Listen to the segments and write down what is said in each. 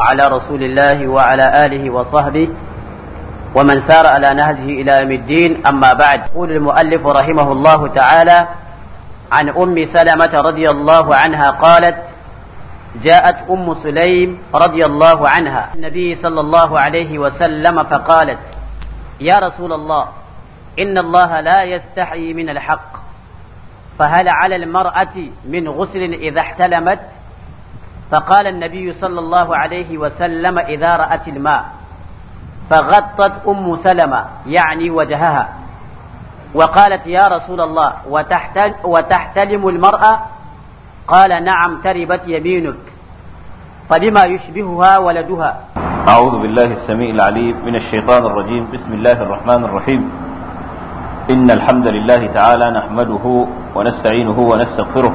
وعلى رسول الله وعلى آله وصحبه ومن سار على نهجه إلى يوم الدين أما بعد يقول المؤلف رحمه الله تعالى عن أم سلمة رضي الله عنها قالت جاءت أم سليم رضي الله عنها النبي صلى الله عليه وسلم فقالت يا رسول الله إن الله لا يستحي من الحق فهل على المرأة من غسل إذا احتلمت؟ فقال النبي صلى الله عليه وسلم إذا رأت الماء فغطت أم سلمة يعني وجهها وقالت يا رسول الله وتحتل وتحتلم المرأة قال نعم تربت يمينك فبما يشبهها ولدها أعوذ بالله السميع العليم من الشيطان الرجيم بسم الله الرحمن الرحيم إن الحمد لله تعالى نحمده ونستعينه ونستغفره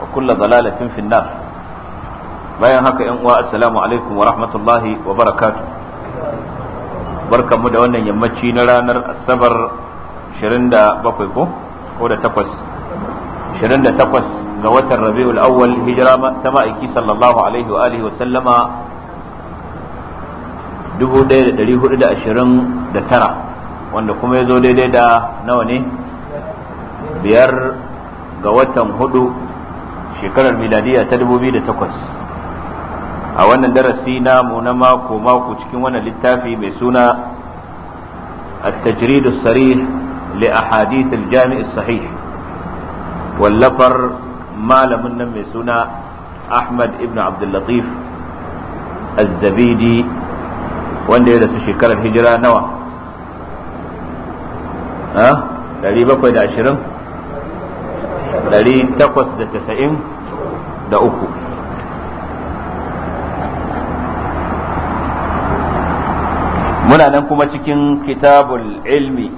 wa kulla dalalatin fi nar bayan haka yan uwa assalamu alaikum wa rahmatullahi wa barakatuh barkamu da wannan yammaci na ranar asabar 27 ko ko da 8 28 ga watan rabiul awwal hijira ta ma'aiki sallallahu alaihi wa alihi wa sallama 1429 wanda kuma ya zo daidai da nawa ne biyar ga watan hudu shekarar miladiya ta 2008 a wannan darasi namu na mako mako cikin wannan littafi mai suna التجريد الصريح لأحاديث الجامع الصحيح واللفر ما لم mai suna Ahmad ibn عبد اللطيف الزبيدي wanda ya rasu shekarar hijira nawa? a ashirin. ɗari takwas da casa'in da uku muna nan kuma cikin kitabul ilmi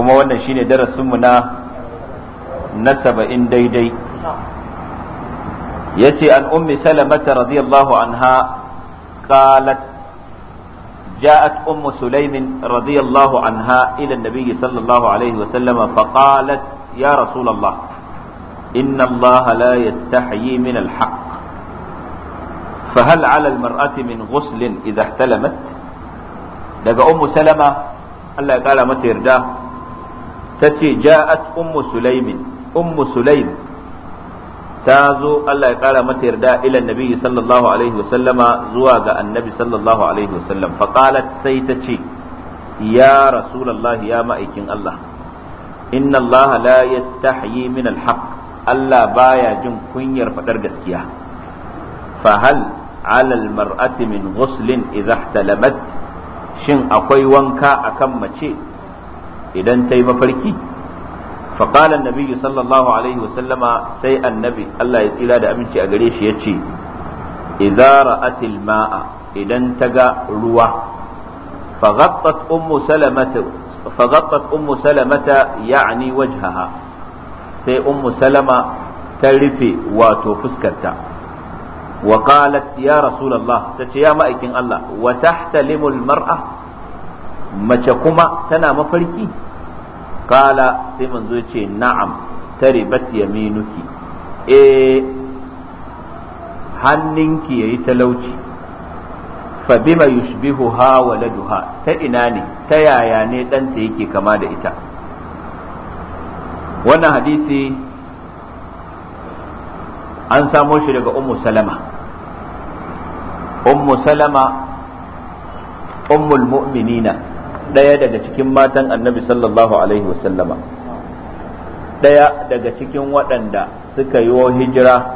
kuma wannan shine darasinmu na na saba'in daidai ya ce an ummi salamata radiyallahu anha قالت جاءت أم سليم رضي الله عنها إلى النبي صلى الله عليه وسلم فقالت ya rasulullah inna Allah la yastahyi min al-haq فهل على المرأة من غسل إذا احتلمت daga ummu salama Allah ya kara mata yarda ta ce ja'at ummu sulaimin ummu sulaim ta zo Allah ya kara mata yarda ila nabi sallallahu alaihi wa sallama zuwa ga annabi sallallahu alaihi wa sallam fa qalat sai ta ce ya rasulullahi ya aikin Allah inna allaha la yastahyi min alhaq Allah baya jin kunyar faɗar gaskiya fa hal ala almar'ati min ghuslin idha ihtalamat shin akwai wanka akan mace idan ta yi mafarki فقال النبي صلى الله عليه وسلم سي النبي الله يسئل هذا أمنش أقريش يتشي إذا رأت الماء إذا انتقى روى فغطت أم سلمة فغطت أم سلمة يعني وجهها سي أم سلمة ترفي وتفسكتا وقالت يا رسول الله تتي يا مأيكين الله وتحتلم المرأة متكما تنا مفركي قال سي منزوتي نعم تربت يمينك إيه هننك يتلوتي fa bima yushbihuha waladuha ta ina ne ta yaya ne ɗanta yake kama da ita wannan hadisi an samo shi daga ummu salama ummu salama ummul mu'minina ɗaya daga cikin matan annabi sallallahu alaihi wasallama ɗaya daga cikin waɗanda suka yi hijira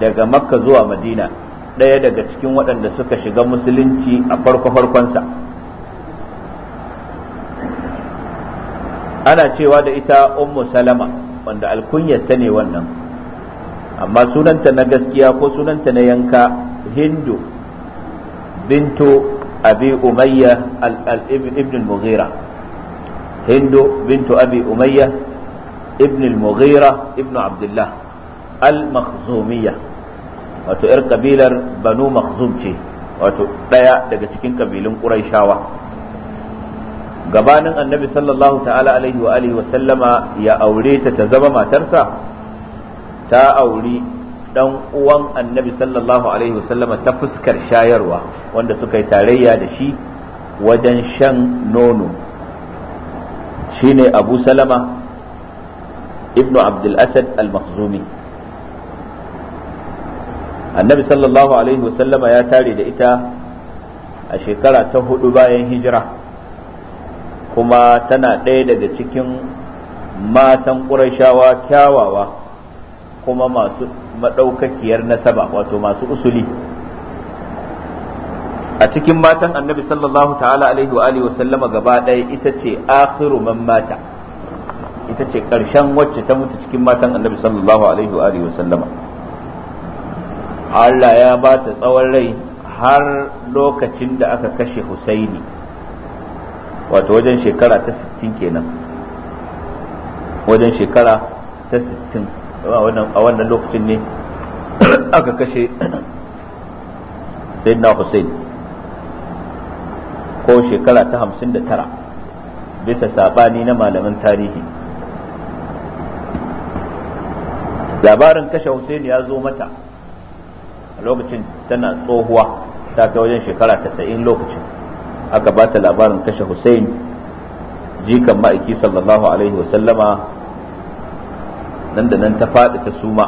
daga makka zuwa madina ɗaya daga cikin waɗanda suka shiga musulunci a farko-farkonsa ana cewa da ita ummu salama wanda alkunyarta ne wannan amma sunanta na gaskiya ko sunanta na yanka hindu bintu abi umayya ibn al-mughira hindu bintu abi umayya ibn al-mughira ibn abdullah al-makhzumiyya wato yar kabilar banu makhzum ce wato ɗaya daga cikin kabilun quraishawa gabanin annabi sallallahu ta'ala alaihi wa alihi wa sallama ya aure ta ta zama matarsa ta auri dan uwan annabi sallallahu alaihi wa sallama ta fuskar shayarwa wanda suka yi tarayya da shi wajen shan nono shine abu salama ibnu abdul asad al-makhzumi annabi sallallahu alaihi wasallama ya tare da ita a shekara ta hudu bayan hijira kuma tana ɗaya daga cikin matan ƙurashawa kyawawa kuma masu maɗaukakiyar nasaba wato masu usuli a cikin matan annabi sallallahu ta'ala alaihi wa alihi wasallama gaba ɗaya ita ce akhiru man mata ita ce ƙarshen wacce ta mutu cikin matan annabi sallallahu alaihi wa alihi wasallama Allah ya ba ta tsawon rai har lokacin da aka kashe Husaini wato wajen shekara ta 60 kenan wajen shekara ta 60 a wannan lokacin ne aka kashe Sayyidina Husaini ko shekara ta 59 bisa sabani na malaman tarihi labarin kashe Husaini ya zo mata A lokacin tana tsohuwa ta kai wajen shekara tasa'in lokacin aka ba ta labarin kashe Hussein jikan ma'aiki sallallahu alaihi wasallama nan da nan ta faɗi ta suma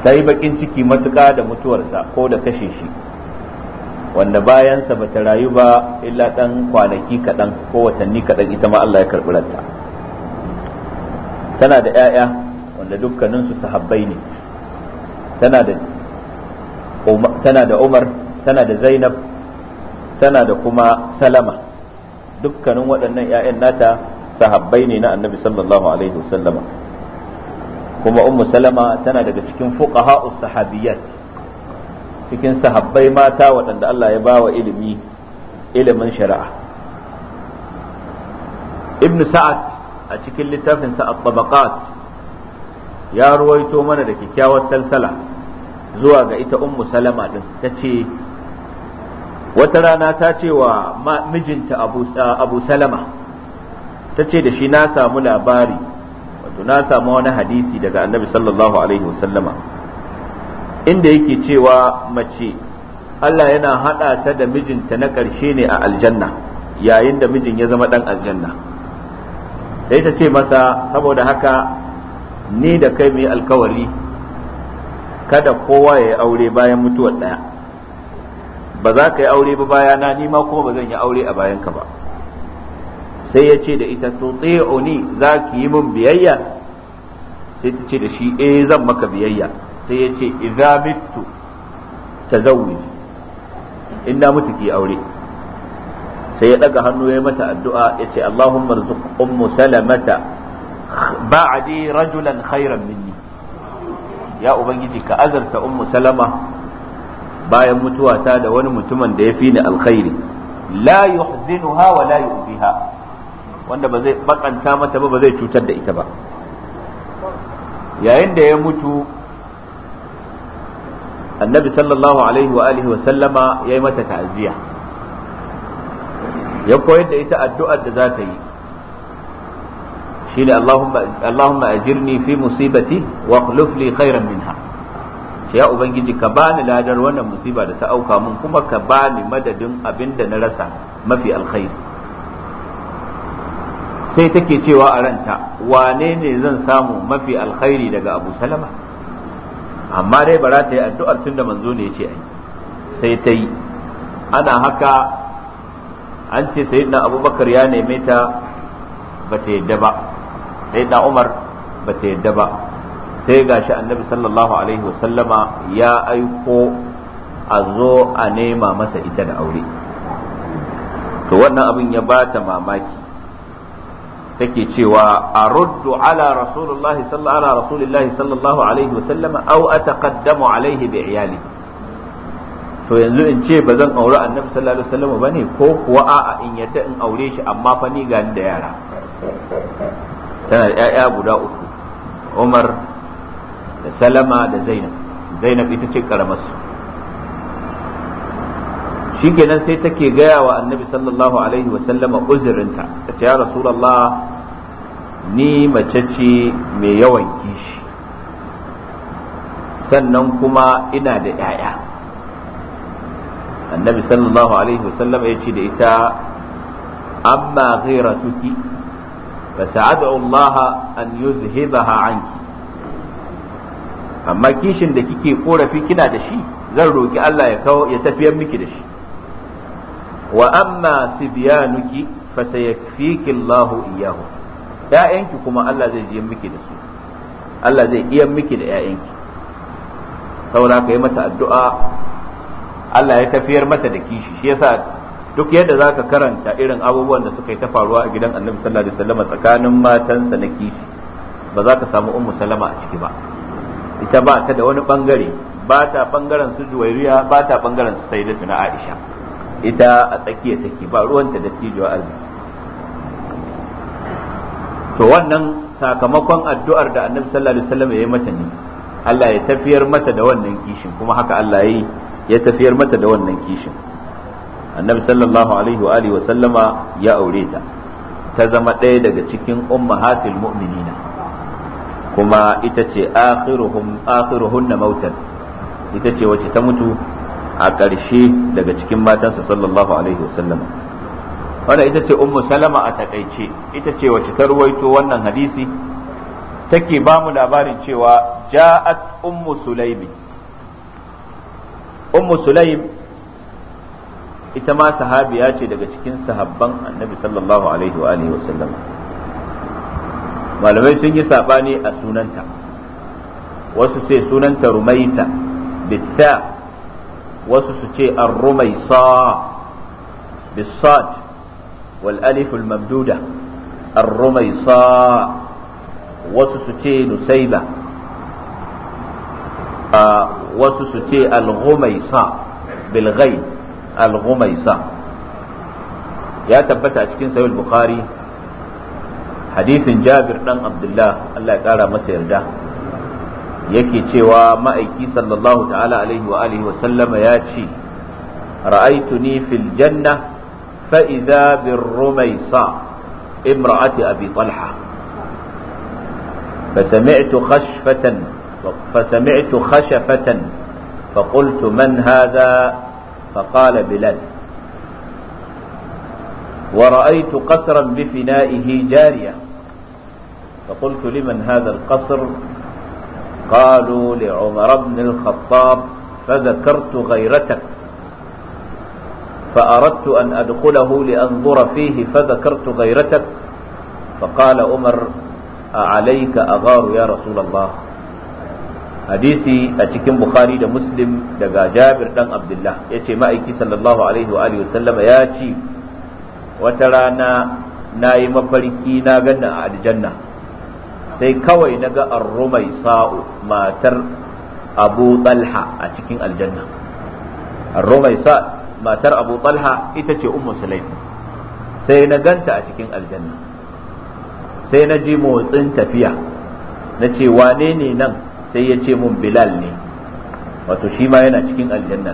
ta yi bakin ciki matuka da mutuwarsa ko da kashe shi wanda bayansa ba ta rayu ba illa ɗan kwanaki kaɗan ko watanni kaɗan ita ma Allah ya karɓi ranta tana da 'ya'ya wanda dukkaninsu sahabbai ne tana da umar tana da zainab tana da kuma salama dukkanin waɗannan 'ya'yan nata sahabbai ne na annabi sallallahu alaihi wasallama kuma ummu salama tana daga cikin fuqaha sahabiyat cikin sahabbai mata waɗanda Allah ya bawa ilimi ilimin shari'a ibn sa'ad a cikin littafinsa at-tabaqat ya ruwaito mana da kyakkyawar salsala zuwa ga ita ummu salama din ta ce wata rana ta ce wa mijinta abu salama ta ce da shi na samu labari wato na samu wani hadisi daga annabi sallallahu alaihi wasallama inda yake cewa mace Allah yana haɗa ta da mijinta na ƙarshe ne a aljanna yayin da mijin ya zama ɗan aljanna sai ta ce masa saboda haka ni da kai mai alkawari kada kowa ya yi aure bayan mutuwar ɗaya ba za ka yi aure ba bayana ni ma kuma ba zan yi aure a bayanka ba sai ya ce da ita to ni za ki yi min biyayya sai ta ce da shi eh zan maka biyayya sai ya ce idza ta tazawwi in na mutu ki aure sai ya ɗaga hannu ya mata addu'a ya ce Allahumma rzuq ummu salamata ba'adi rajulan khairan minni ya ubangiji ka azarta ummu salama bayan ta da wani mutumin da ya fi ni alkhairi la yuhzinuha wa la yu'biha wanda ba zai bakanta mata ba ba zai cutar da ita ba yayin da ya mutu annabi sallallahu alaihi wa alihi wa sallama yayi mata ta'aziyya ya koyar da ita addu'ar da za ta yi shine Allahumma Allahumma ajirni fi musibati wa li khairan minha ya ubangiji ka bani ladar wannan musiba da ta auka mun kuma ka bani madadin abinda na rasa mafi alkhairi sai take cewa a ranta wane ne zan samu mafi alkhairi daga Abu Salama amma dai bara ta yi addu'ar tun da manzo ne ya ce ai sai ta yi ana haka an ce sayyidina Abubakar ya neme ta ba ta yadda ba sai da umar ba ta yadda ba sai gashi annabi sallallahu alaihi wasallama ya aiko a zo a nema masa ita da aure to wannan abin ya ba ta mamaki take cewa a ruddu ala rasulullahi sallallahu alaihi wasallama au a taqaddamu alaihi bi iyali to yanzu in ce ba zan aure annabi sallallahu alaihi wasallama bane ko kuwa a'a in yadda in aure shi amma fa ni ga da yara tana da 'ya'ya guda uku umar da salama da zainab zainab ita ce karamarsu kenan sai take gaya wa annabi sallallahu alaihi wasallama uzurinta ta ce ya rasulallah ni mace ce mai yawan kishi sannan kuma ina da 'ya'ya annabi sallallahu alaihi wasallama ya ce da ita amma ghairatuki فسأدعو الله أن ha عنك amma kishin da kike korafi kina da shi zan roki Allah ya kawo tafiyar miki da shi wa amma sibyanuki fa sayakfiki Allah iyahu ƴaƴanki kuma Allah zai ji miki da su Allah zai iya miki da ƴaƴanki saboda kai mata addu'a Allah ya tafiyar mata da kishi shi yasa duk yadda za ka karanta irin abubuwan da suka yi ta faruwa a gidan annabi sallallahu alaihi wasallam tsakanin matansa na kishi ba za ka samu ummu salama a ciki ba ita ba ta da wani bangare ba ta bangaren su juwairiya ba ta bangaren su sai na aisha ita a tsakiya take ba ruwanta da tijuwa arziki to wannan sakamakon addu'ar da annabi sallallahu alaihi wasallam ya yi mata ne Allah ya tafiyar mata da wannan kishin kuma haka Allah ya tafiyar mata da wannan kishin annabi sallallahu alaihi wa alihi wa sallama ya aure ta ta zama ɗaya daga cikin ummahatil mu'minina kuma ita ce akhiruhum akhiruhunna mautan ita ce wacce ta mutu a ƙarshe daga cikin matansa sallallahu alaihi wa sallama wanda ita ce ummu salama a takaice ita ce wacce ta ruwaito wannan hadisi take ba mu labarin cewa ja'at ummu sulaimi ummu sulaim ita ma sahabiya ce daga cikin sahabban annabi sallallahu alaihi wa alihi wasallam malamai sun yi sabani a sunanta wasu ce sunanta rumaita bitta wasu su ce an rumaisa bisad wal alif mamduda an rumaisa wasu su ce nusaiba ah, wasu su ce al-ghumaisa bil ghaib al-ghumaysa ya tabbata a cikin sahih bukhari hadithin jabir dan abdullah Allah ya kara masa yarda yake cewa ma'aiki sallallahu ta'ala alaihi wa alihi wa sallama ya ce ra'aituni fil janna fa idza bir rumaysa imra'ati abi talha فسمعت خشفة فسمعت خشفة فقلت من هذا فقال بلال ورأيت قصرا بفنائه جارية فقلت لمن هذا القصر قالوا لعمر بن الخطاب فذكرت غيرتك فأردت أن أدخله لأنظر فيه فذكرت غيرتك فقال عمر أعليك أغار يا رسول الله hadisi a cikin bukhari da muslim daga jabir dan abdullah ya ce ma'aiki sallallahu alaihi wa sallama ya ci wata rana na yi mafarki na ganna a aljanna sai kawai na ga arrumai sa'u matar abu talha a cikin aljanna arrumai sa matar abu talha ita ce ummu sulaim sai na ganta a cikin aljanna sai na ji motsin tafiya na ce wane ne nan sai ya ce mun bilal ne wato shi ma yana cikin aljanna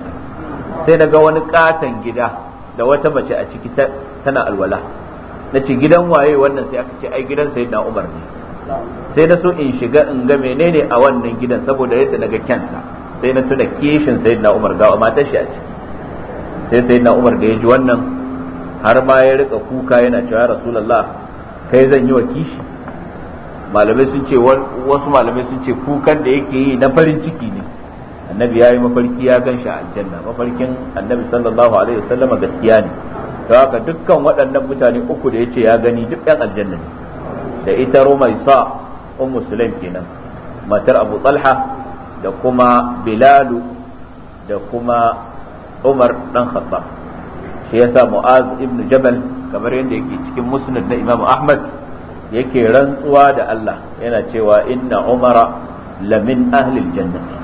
sai na ga wani katon gida da wata mace a ciki tana alwala na ce gidan waye wannan sai aka ce ai gidan sai na umar ne sai na so in shiga in ga menene a wannan gidan saboda yadda na ga kyansa sai na tuna kishin sai na umar ga matar shi a ciki sai sai na umar da ya ji wannan har ma ya rika kuka yana cewa rasulullah kai zan yi wa kishi malamai sun ce wasu malamai sun ce kukan da yake yi na farin ciki ne annabi ya yi mafarki ya gan shi aljanna mafarkin annabi sallallahu alaihi wasallama gaskiya ne ta haka dukkan waɗannan mutane uku da ya ce ya gani duk ɗan aljanna ne da ita roma isa un musulun kenan matar abu talha da kuma bilalu da kuma umar dan khattab shi yasa mu'az ibnu jabal kamar yadda yake cikin musnad na imamu ahmad yake rantsuwa da Allah yana cewa inna umara lamin ahlil jannati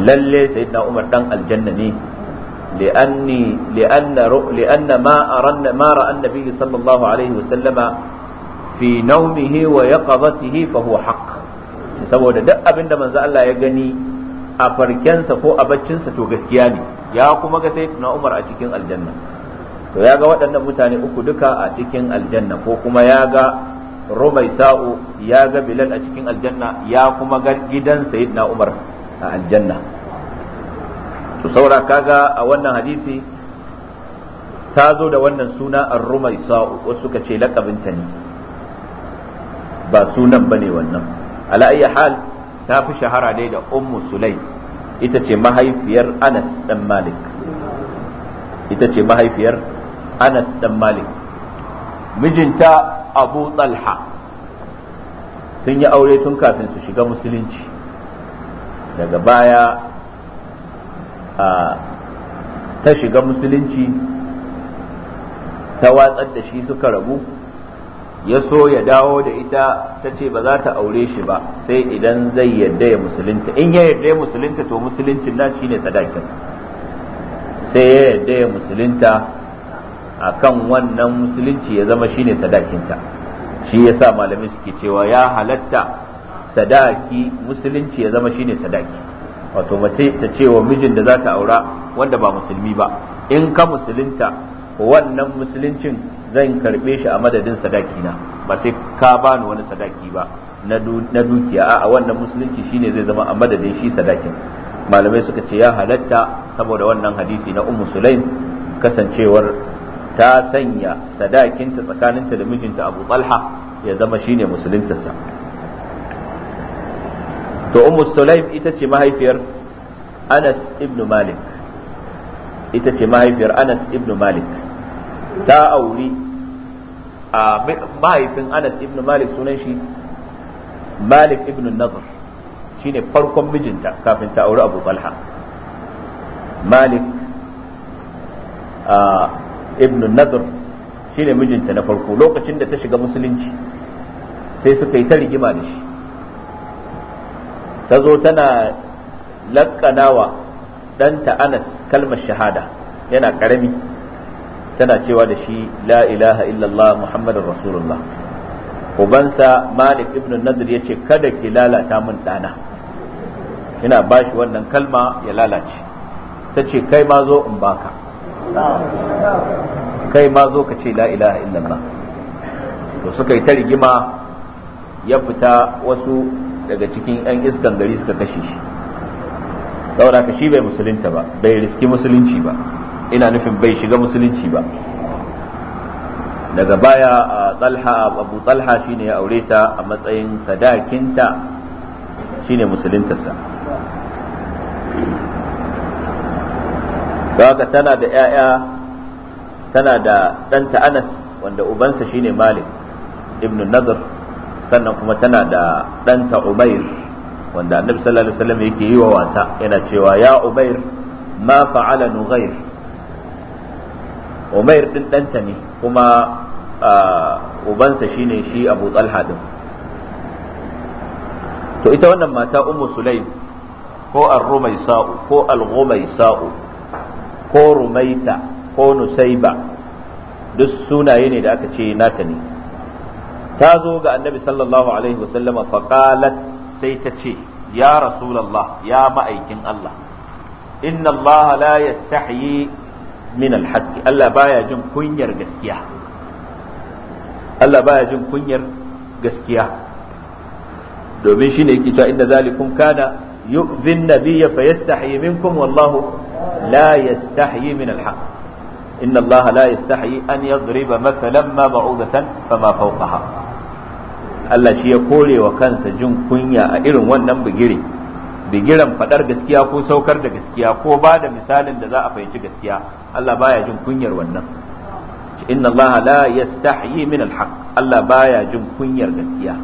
lalle sayyidina umar dan aljanna ne li'anni li'anna mara ma aranna ma ra'a annabi fi nawmihi wa yaqadatihi fa huwa haqq saboda duk abinda manza Allah ya gani a farkensa ko a baccinsa to gaskiya ne ya kuma ga sayyidina umar a cikin aljanna to ya ga waɗannan mutane uku duka a cikin aljanna ko kuma ya ga rumai sa'u ya ga bilal a cikin aljanna ya kuma ga gidan sayyidina umar a aljanna to saura kaga a wannan hadisi ta zo da wannan suna ar-rumaisa'u wasu suka ce laqabin ta ne ba sunan bane wannan ala ayyi hal ta fi shahara dai da ummu sulay ita ce mahaifiyar Anas dan Malik ita ce mahaifiyar Anas dan Malik mijinta abu talha sun yi aure tun kafin su shiga musulunci daga baya a ta shiga musulunci ta watsar da shi suka rabu ya so ya dawo da ita ta ce ba za ta aure shi ba sai idan zai yadda ya musulunta in ya yadda ya musulunta to musuluncin na ne sadakin sai ya yadda ya musulunta akan wannan musulunci ya zama shine sadakinta shi yasa malamai suke cewa ya halatta sadaki musulunci ya zama shine sadaki wato mace ta ce wa mijin da za ta aura wanda ba musulmi ba in ka musulunta wannan musuluncin zan karbe shi a madadin sadaki na ba sai ka bani wani sadaki ba na dukiya a wannan musulunci shine zai zama a madadin shi sadakin malamai suka ce ya halatta saboda wannan hadisi na ummu sulaim kasancewar ta sanya sadakinta tsakaninta da mijinta abu talha ya zama shine musuluntarsa to ummu sulaim ita ce mahaifiyar anas ibn malik ita ce mahaifiyar anas ibn malik ta auri a mahaifin anas ibn malik sunan shi malik ibn nazar shine farkon mijinta kafin ta auri abu talha malik ibn nadr shine mijinta na farko lokacin da ta shiga musulunci sai suka yi ta rigima da shi ta zo tana lakkanawa ɗanta anas kalmar shahada yana ƙarami tana cewa da shi la ilaha illallah muhammadun rasulullah ubansa malik ibn nadir ya ce kada ki lalata min ɗana ina bashi wannan kalma ya lalace ta ce kai ma zo in baka kai ma zo ka ce la ilaha illallah to suka yi ta rigima ya fita wasu daga cikin 'yan iskan gari suka kashe shi saboda ka shi bai musulunta ba bai riski musulunci ba ina nufin bai shiga musulunci ba daga baya a tsalha abu tsalha shine ya aure ta a matsayin sadakinta shine musuluntarsa haka tana da 'ya'ya tana da ɗanta anas wanda ubansa shine malik ibn nazar sannan kuma tana da ɗanta umair wanda annabi sallallahu alaihi wasallam yake yi wa wasa yana cewa ya umair ma fa'ala nughair umair din ɗanta ne kuma ubansa shine shi abu talha din to ita wannan mata ummu sulaim ko al-rumaisa'u ko al-ghumaisa'u ko rumaita ko nusaiba duk sunaye ne da aka ce nata ne ta zo ga annabi sallallahu alaihi wasallama faqalat sai ta ce ya rasulallah ya ma'aikin Allah inna Allah la yastahyi min alhaqi Allah baya jin kunyar gaskiya Allah baya jin kunyar gaskiya domin shine yake cewa inda zalikum kana يؤذي النبي فيستحيي منكم والله لا يستحيي من الحق إن الله لا يستحيي أن يضرب مثلا ما بعوضة فما فوقها Allah shi ya kore wa kansa jin kunya a irin wannan bigire bigiran faɗar gaskiya ko saukar da gaskiya ko ba da misalin da za a fahimci gaskiya Allah baya jin kunyar wannan inna Allah la yastahyi min alhaq Allah baya jin kunyar gaskiya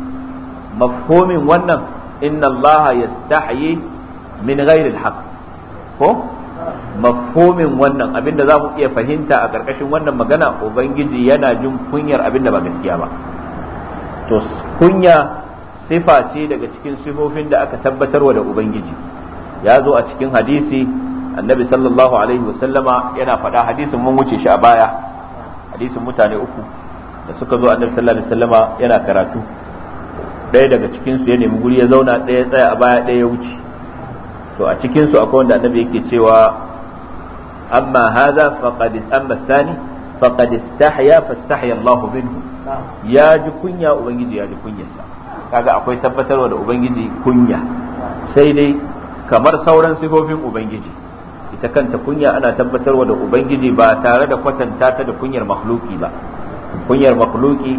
wannan inna Allah yastahyi min ghairi al ko mafhumin wannan abinda za mu iya fahimta a karkashin wannan magana ubangiji yana jin kunyar abinda ba gaskiya ba to kunya sifa ce daga cikin sifofin da aka tabbatarwa da ubangiji ya zo a cikin hadisi annabi sallallahu alaihi wasallama yana faɗa hadisin mun wuce shi a baya hadisin mutane uku da suka zo annabi sallallahu alaihi wasallama yana karatu ɗaya daga cikinsu ya nemi guri ya zauna ɗaya tsaya a baya ɗaya ya wuce to a cikinsu su akwai wanda annabi yake cewa amma haza faqad amma thani faqad istahya fastahya Allahu minhu ya ji kunya ubangiji ya ji kunyarsa kaga akwai tabbatarwa da ubangiji kunya sai dai kamar sauran sifofin ubangiji ita kanta kunya ana tabbatarwa da ubangiji ba tare da kwatanta ta da kunyar makhluki ba kunyar makhluki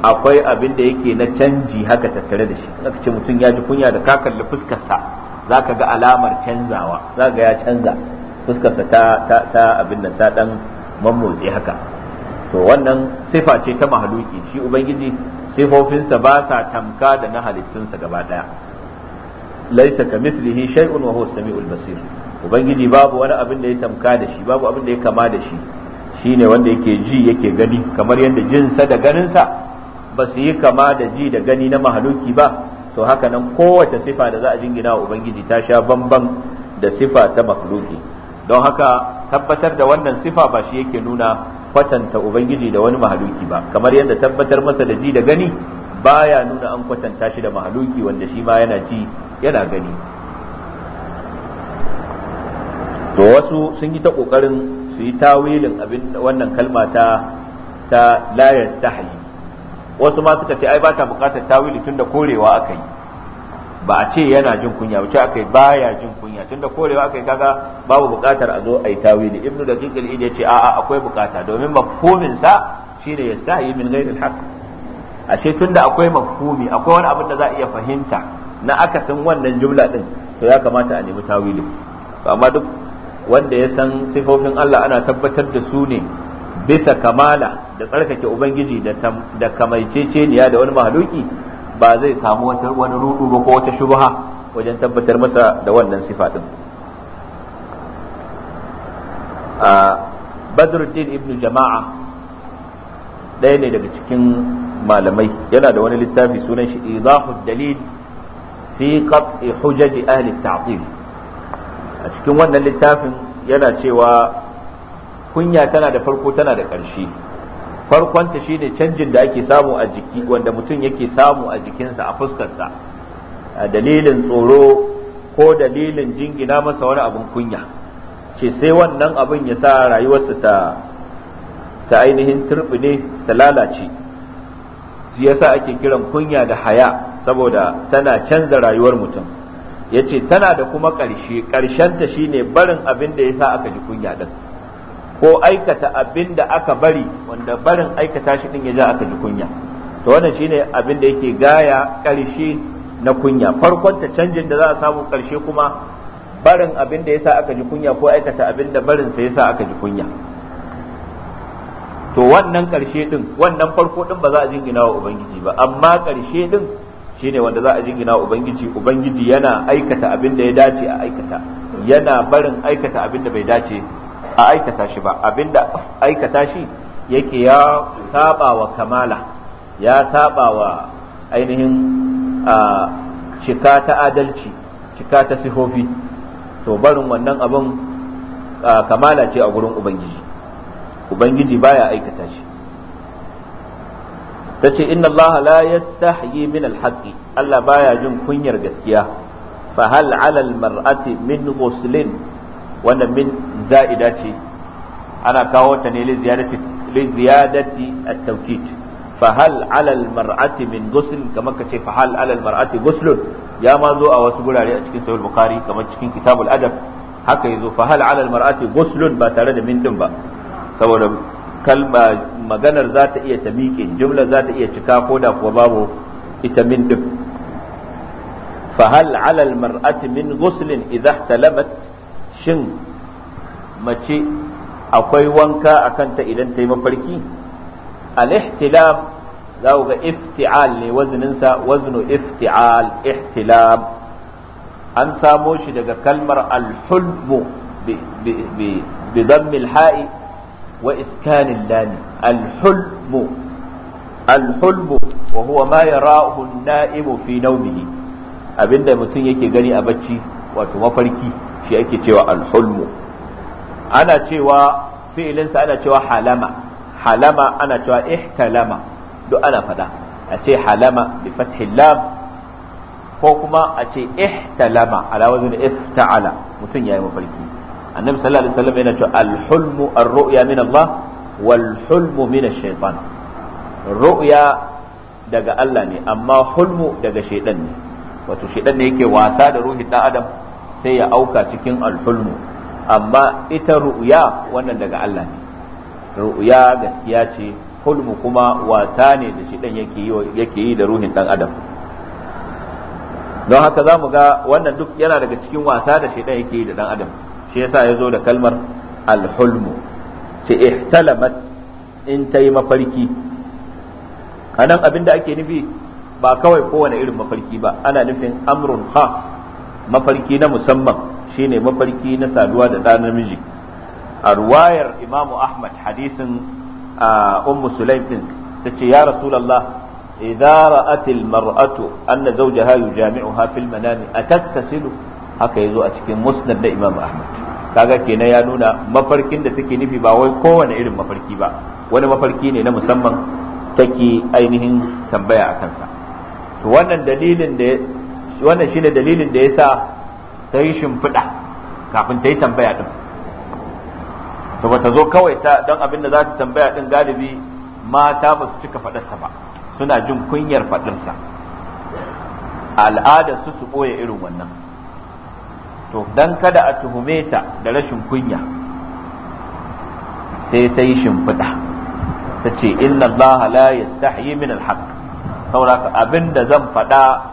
akwai abin da yake na canji haka tattare da shi zaka ce mutum ya ji kunya da ka kalli fuskarsa zaka ga alamar canzawa zaka ga ya canza fuskarsa ta ta ta abin nan ta dan mammotsi haka to wannan sifa ce ta mahaluki shi ubangiji sifofinsa ba sa tamka da na halittunsa gaba daya laisa ka mislihi shay'un wa huwa samiul basir ubangiji babu wani abin da ya tamka da shi babu abin da ya kama da shi shine wanda yake ji yake gani kamar yadda jinsa da ganinsa ba su yi kama da ji da gani na mahaluki ba to haka nan kowace sifa da za a jingina wa ubangiji ta sha bamban da sifa ta mahaluki don haka tabbatar da wannan sifa ba shi yake nuna kwatanta ubangiji da wani mahaluki ba kamar yadda tabbatar masa da ji da gani baya nuna an kwatanta shi da mahaluki wanda shi ma yana ji yana gani to wasu sun yi ta kokarin su yi tawilin abin wannan kalma ta ta layar tahayi wasu ma suka ce ai ba ta bukatar tawili tunda korewa aka yi ba a ce yana jin kunya wuce aka yi baya jin kunya tunda korewa aka yi kaga babu bukatar a zo a yi tawili ibnu da jinkil idi ya ce a'a akwai bukata domin mafhumin sa shine yastahi min ghairil a ashe tunda akwai mafhumi akwai wani abin da za a iya fahimta na akasin wannan jumla ɗin to ya kamata a nemi tawili amma duk wanda ya san sifofin Allah ana tabbatar da su ne bisa kamala da tsarkake ubangiji da kamaiceceniya da wani mahaluki ba zai samu wani rudu ba ko wata shubha wajen tabbatar masa da wannan sifa din badruddin ibn jama'a ɗaya ne daga cikin malamai yana da wani littafi sunan shi izahu dalil fi qat'i hujaj ahli ta'til a cikin wannan littafin yana cewa kunya tana da farko tana da ƙarshe farkonta shine canjin da ake samu a jiki wanda mutum yake samu a jikinsa a fuskarsa a dalilin tsoro ko dalilin jingina masa wani abin kunya ce sai wannan abin ya sa rayuwarsa ta ta ainihin turbine ta lalace shi yasa ake kiran kunya da haya saboda tana canza rayuwar mutum yace tana da kuma ƙarshe ƙarshenta shine barin abin da yasa aka ji kunya din ko aikata abin da aka bari wanda barin aikata shi din ya ja aka ji kunya to wannan shine abin da yake gaya ƙarshe na kunya farkon ta canjin da za a samu ƙarshe kuma barin abin da yasa aka ji kunya ko aikata abin da barin sa yasa aka ji kunya to wannan ƙarshe din wannan farko din ba za a jingina wa ubangiji ba amma ƙarshe din shine wanda za a jingina wa ubangiji ubangiji yana aikata abin da ya dace a aikata yana barin aikata abin da bai dace a aikata shi ba abinda aikata shi yake ya saba wa kamala ya saba wa ainihin cika ta adalci cika ta sihofi to barin wannan abin kamala ce a gurin ubangiji ubangiji baya aikata shi ta ce inna allaha la yastahyi min alhaqi allah baya jin kunyar gaskiya fa hal ala almar'ati min ghuslin wannan min za'ida ce ana kawo ta ne li ziyadati at-tawkid fa hal 'ala al-mar'ati min ghusl kamar kace fa hal 'ala al-mar'ati ghuslun ya ma zo a wasu gurare a cikin sahih bukhari kamar cikin kitabul adab haka yazo fa hal 'ala al-mar'ati ghuslun ba tare da min din ba saboda kalma maganar za ta iya ta miƙe jumla za ta iya cika ko da kuwa babu ita min din fa hal 'ala al-mar'ati min ghuslin idha ihtalamat shin mace akwai wanka a kanta idan ta yi mafarki al ihtilab za ga ifti'al ne wazininsa waznu ifti'al ihtilab an samo shi daga kalmar al hulbu bi dhammi al-ha'i wa iskanin lami al hulbu al hulbu wa huwa ma yara'uhu naimu fi nawmihi abinda mutum yake gani a bacci wato mafarki shi ake cewa alhulmu ana cewa fi'ilinsa ana cewa halama halama ana cewa ihtalama duk ana fada a ce halama bi fathil lam ko kuma a ce ihtalama ala wazn ifta'ala mutum yayi mafarki annabi sallallahu alaihi wasallam yana cewa alhulmu ar-ru'ya min Allah wal hulmu min ash-shaytan ru'ya daga Allah ne amma hulmu daga shaytan ne wato shaytan ne yake wasa da ruhin dan adam sai ya auka cikin alhulmu amma ita ru'ya wannan daga Allah ne ru'ya gaskiya ce hulmu kuma wata ne da shi dan yake yi da ruhin dan adam don haka zamu ga wannan duk yana daga cikin wasa da shi dan yake yi da dan adam shi yasa ya zo da kalmar alhulmu ce ihtalamat in ta yi mafarki anan abin da ake nufi ba kawai kowane irin mafarki ba ana nufin amrun ha mafarki na musamman shine mafarki na saduwa da ɗa namiji a ruwayar imamu ahmad hadisin ummu sulaim din ta ce ya rasulallah idza ra'atil mar'atu anna zawjaha yujami'uha fil manami atattasilu haka yazo a cikin musnad da imam ahmad kaga kenan ya nuna mafarkin da take nufi ba wai kowane irin mafarki ba wani mafarki ne na musamman take ainihin tambaya a kansa to wannan dalilin da shi wannan shine dalilin da yasa ta yi shimfiɗa kafin ta yi tambaya din to ba ta zo kawai ta don abin da za ta tambaya din galibi mata ba su cika faɗarsa ba suna jin kunyar faɗarsa al'ada su su ɓoye irin wannan to don kada a tuhume ta da rashin kunya sai ta yi shimfiɗa ta ce inna allaha la yi min alhaq saboda abin da zan faɗa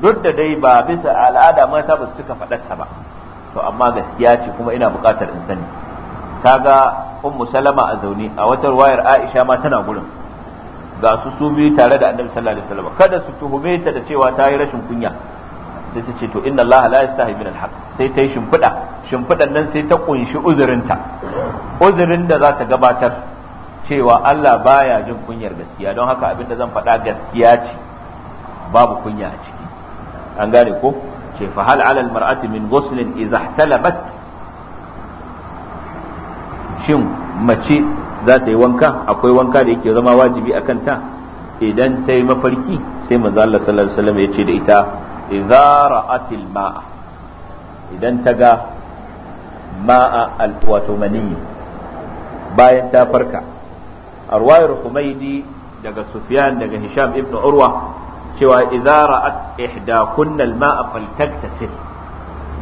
duk da dai ba bisa al'ada mata ba su cika faɗarta ba to amma gaskiya ce kuma ina buƙatar in sani kaga ummu salama a zaune a wata wayar aisha ma tana gurin ga su su biyu tare da annabi sallallahu alaihi wasallam kada su tuhume ta da cewa ta yi rashin kunya sai ta ce to inna allaha la yastahi min alhaq sai ta yi shimfiɗa shimfiɗan nan sai ta kunshi uzurinta uzurin da za ta gabatar cewa Allah baya jin kunyar gaskiya don haka abinda zan faɗa gaskiya ce babu kunya ce. an gane ko ce fa hal ala al mar'ati min ghuslin idha ihtalabat shin mace za ta yi wanka akwai wanka da yake zama wajibi a kanta idan ta yi mafarki sai manzo Allah sallallahu alaihi wasallam ya ce da ita idza ra'atil ma'a idan ta ga ma'a al wato bayan ta farka arwayar humaidi daga sufyan daga hisham ibnu urwa cewa idza ra'at ihdakunna al-ma'a faltaktasil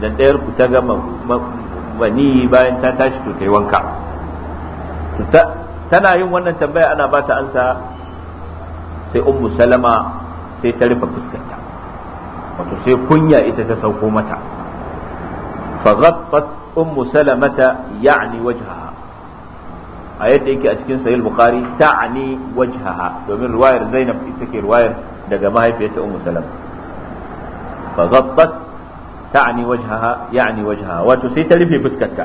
dan ɗayar ku ta ga wani bayan ta tashi to wanka tana yin wannan tambaya ana ba ta ansa sai ummu salama sai ta rufe fuskarta wato sai kunya ita ta sauko mata fa ghaffat ummu salamata ya'ni wajhaha a yadda yake a cikin sahih bukhari tani wajhaha domin riwayar zainab ita ke riwayar daga mahaifiyarta ummu salama fa ghabbat ta'ni wajhaha ya'ni wajhaha wato sai ta rufe fuskarta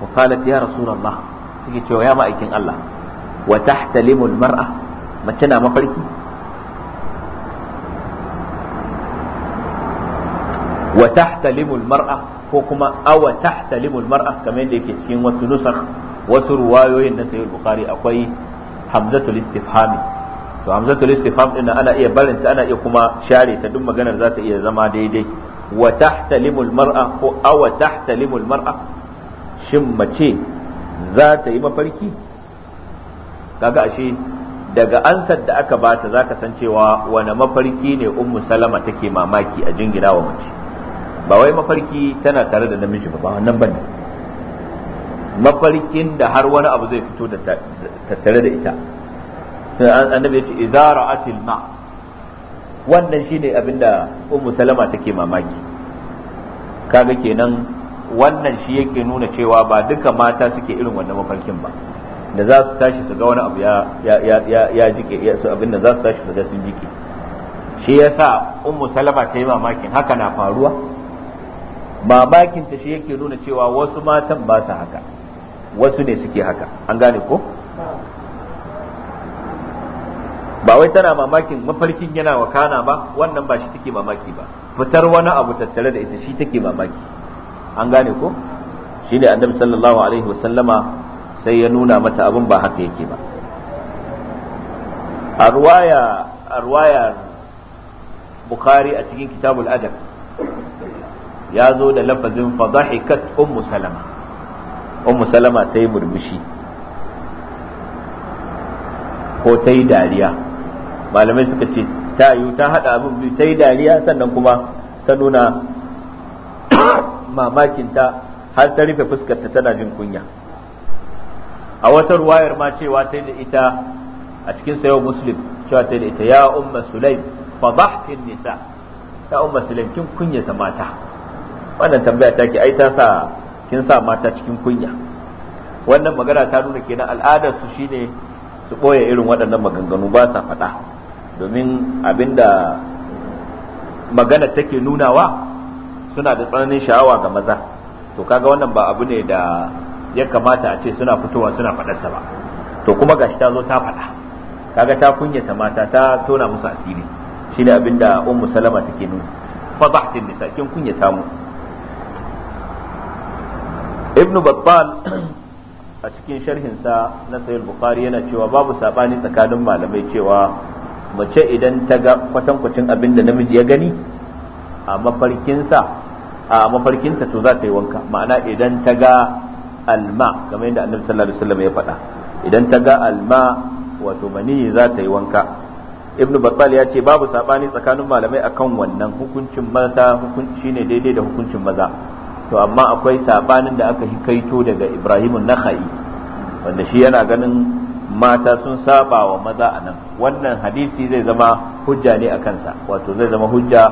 wa qalat ya rasulullah take cewa ya ma'aikin Allah wa tahtalimul mar'a mace na mafarki wa tahtalimul mar'a ko kuma awa tahtalimul mar'a kamar yadda yake cikin wasu nusakh wasu ruwayoyin na sahih bukhari akwai hamzatul istifhami to hamzatul istifham din ana iya barin ta ana iya kuma share ta duk maganar za ta iya zama daidai wa tahtalimul mar'a ko aw tahtalimul mar'a shin mace za ta yi mafarki kaga ashe daga ansar da aka bata zaka san cewa wani mafarki ne ummu salama take mamaki a jingina wa mace ba wai mafarki tana tare da namiji ba wannan bane mafarkin da har wani abu zai fito da tattare da ita annabi yace idza ra'atil ma wannan shine abinda ummu salama take mamaki kaga kenan wannan shi yake nuna cewa ba duka mata suke irin wannan mafarkin ba da za su tashi su ga wani abu ya ya ya jike su abin da za su tashi su ga sun jike shi yasa ummu salama ta yi mamakin haka na faruwa mamakin ta shi yake nuna cewa wasu matan ba su haka wasu ne suke haka an gane ko ba wai tana mamakin mafarkin yana wakana ba wannan ba shi take mamaki ba fitar wani abu tattare da ita shi take mamaki an gane ko shi ne annabi sallallahu alaihi wasallama sai ya nuna mata abin ba haka yake ba a ruwaya a ruwaya bukhari a cikin kitabul adab ya zo da lafazin fadahikat ummu salama ummu salama ta yi murmushi ko ta dariya malamai suka ce ta yiwu ta haɗa abin biyu ta yi dariya sannan kuma ta nuna mamakin ta har ta rufe fuskarta tana jin kunya a wata ruwayar ma cewa ta da ita a cikin sayo muslim cewa ta da ita ya umma sulaim fadahtin nisa ya umma sulaim kin kunyata mata wannan tambaya ta ke ai ta sa kin sa mata cikin kunya wannan magana ta nuna kenan al'adar su shine su boye irin waɗannan maganganu ba sa faɗa domin abinda magana take nunawa suna da tsananin sha'awa ga maza to kaga wannan ba abu ne da ya kamata a ce suna fitowa suna faɗarsa ba to kuma gashi ta zo ta faɗa kaga ta kunyata mata ta tona musu asiri shine abinda ummu salama take nuni ni nisa kin kunyata mu ibnu battal a cikin sharhinsa na Sayyid bukhari yana cewa babu sabani tsakanin malamai cewa mace idan ta ga kwatankwacin abin da namiji ya gani a mafarkinsa a mafarkinta to za ta yi wanka ma'ana idan ta ga alma kamar yadda annabi sallallahu alaihi wasallam ya faɗa idan ta ga alma wato mani za ta yi wanka ibnu battal ya ce babu sabani tsakanin malamai akan wannan hukuncin maza hukunci ne daidai da hukuncin maza to amma akwai sabanin da aka hikaito daga ibrahimun nakhai wanda shi yana ganin mata sun saba wa maza a nan wannan hadisi zai zama hujja ne a kansa wato zai zama hujja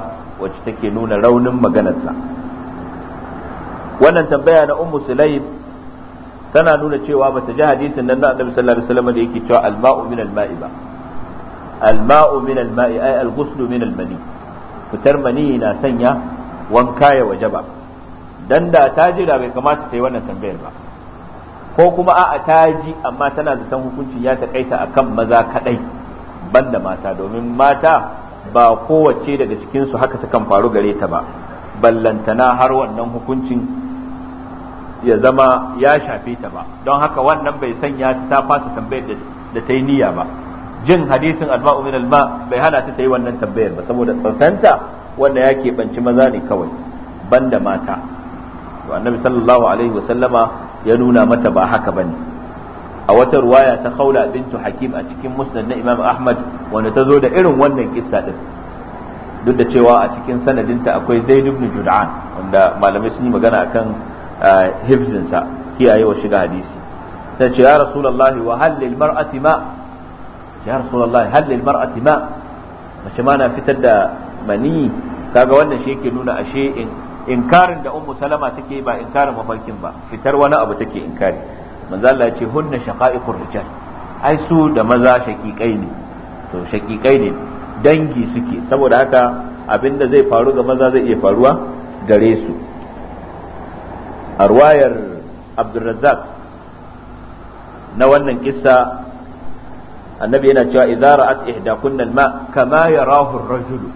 wacce take nuna raunin maganarsa wannan tambaya na ummu sulaim tana nuna cewa bata ji hadisin nan na annabi sallallahu alaihi wasallam da yake cewa alma'u min alma'i ba alma'u min alma'i ay alghuslu min almani fitar mani na sanya wanka ya wajaba dan da ta jira bai kamata ta yi wannan tambayar ba ko kuma a'a ta ji amma tana zaton hukuncin ya a kan maza kaɗai banda mata domin mata ba kowace daga cikinsu haka ta kan faru gare ta ba ballantana har wannan hukuncin ya zama ya shafe ta ba don haka wannan bai sanya ta fasa tambayar da ta yi niyya ba jin hadisin alma'u min alma bai hana ta yi wannan tambayar ba saboda tsantsanta wanda ya keɓanci maza ne kawai banda mata wa annabi sallallahu alaihi wa sallama. ya nuna mata ba haka ba ne a wata ruwaya ta khawla bintu hakim a cikin musnad na imam ahmad wanda ta zo da irin wannan kissa din duk da cewa a cikin sanadinta akwai zaid ibn jud'an wanda malamai sun yi magana akan hifzinsa kiyaye wa shiga hadisi ta ce ya rasulullahi wa hal lil mar'ati ma ya rasulullahi hal mar'ati ma mace ma na fitar da mani kaga wannan shi yake nuna ashe in inkarin da ummu salama take ba inkarin mafarkin ba fitar wani abu take inkari manzo Allah ya ce hunna shaqaiqur rijal ai su da maza shaqiqai ne to shaqiqai ne dangi suke saboda haka abinda zai faru ga maza zai iya faruwa gare su arwayar abdurrazzaq na wannan kissa annabi yana cewa idza ra'at ihdakunna al-ma kama yarahu ar-rajulu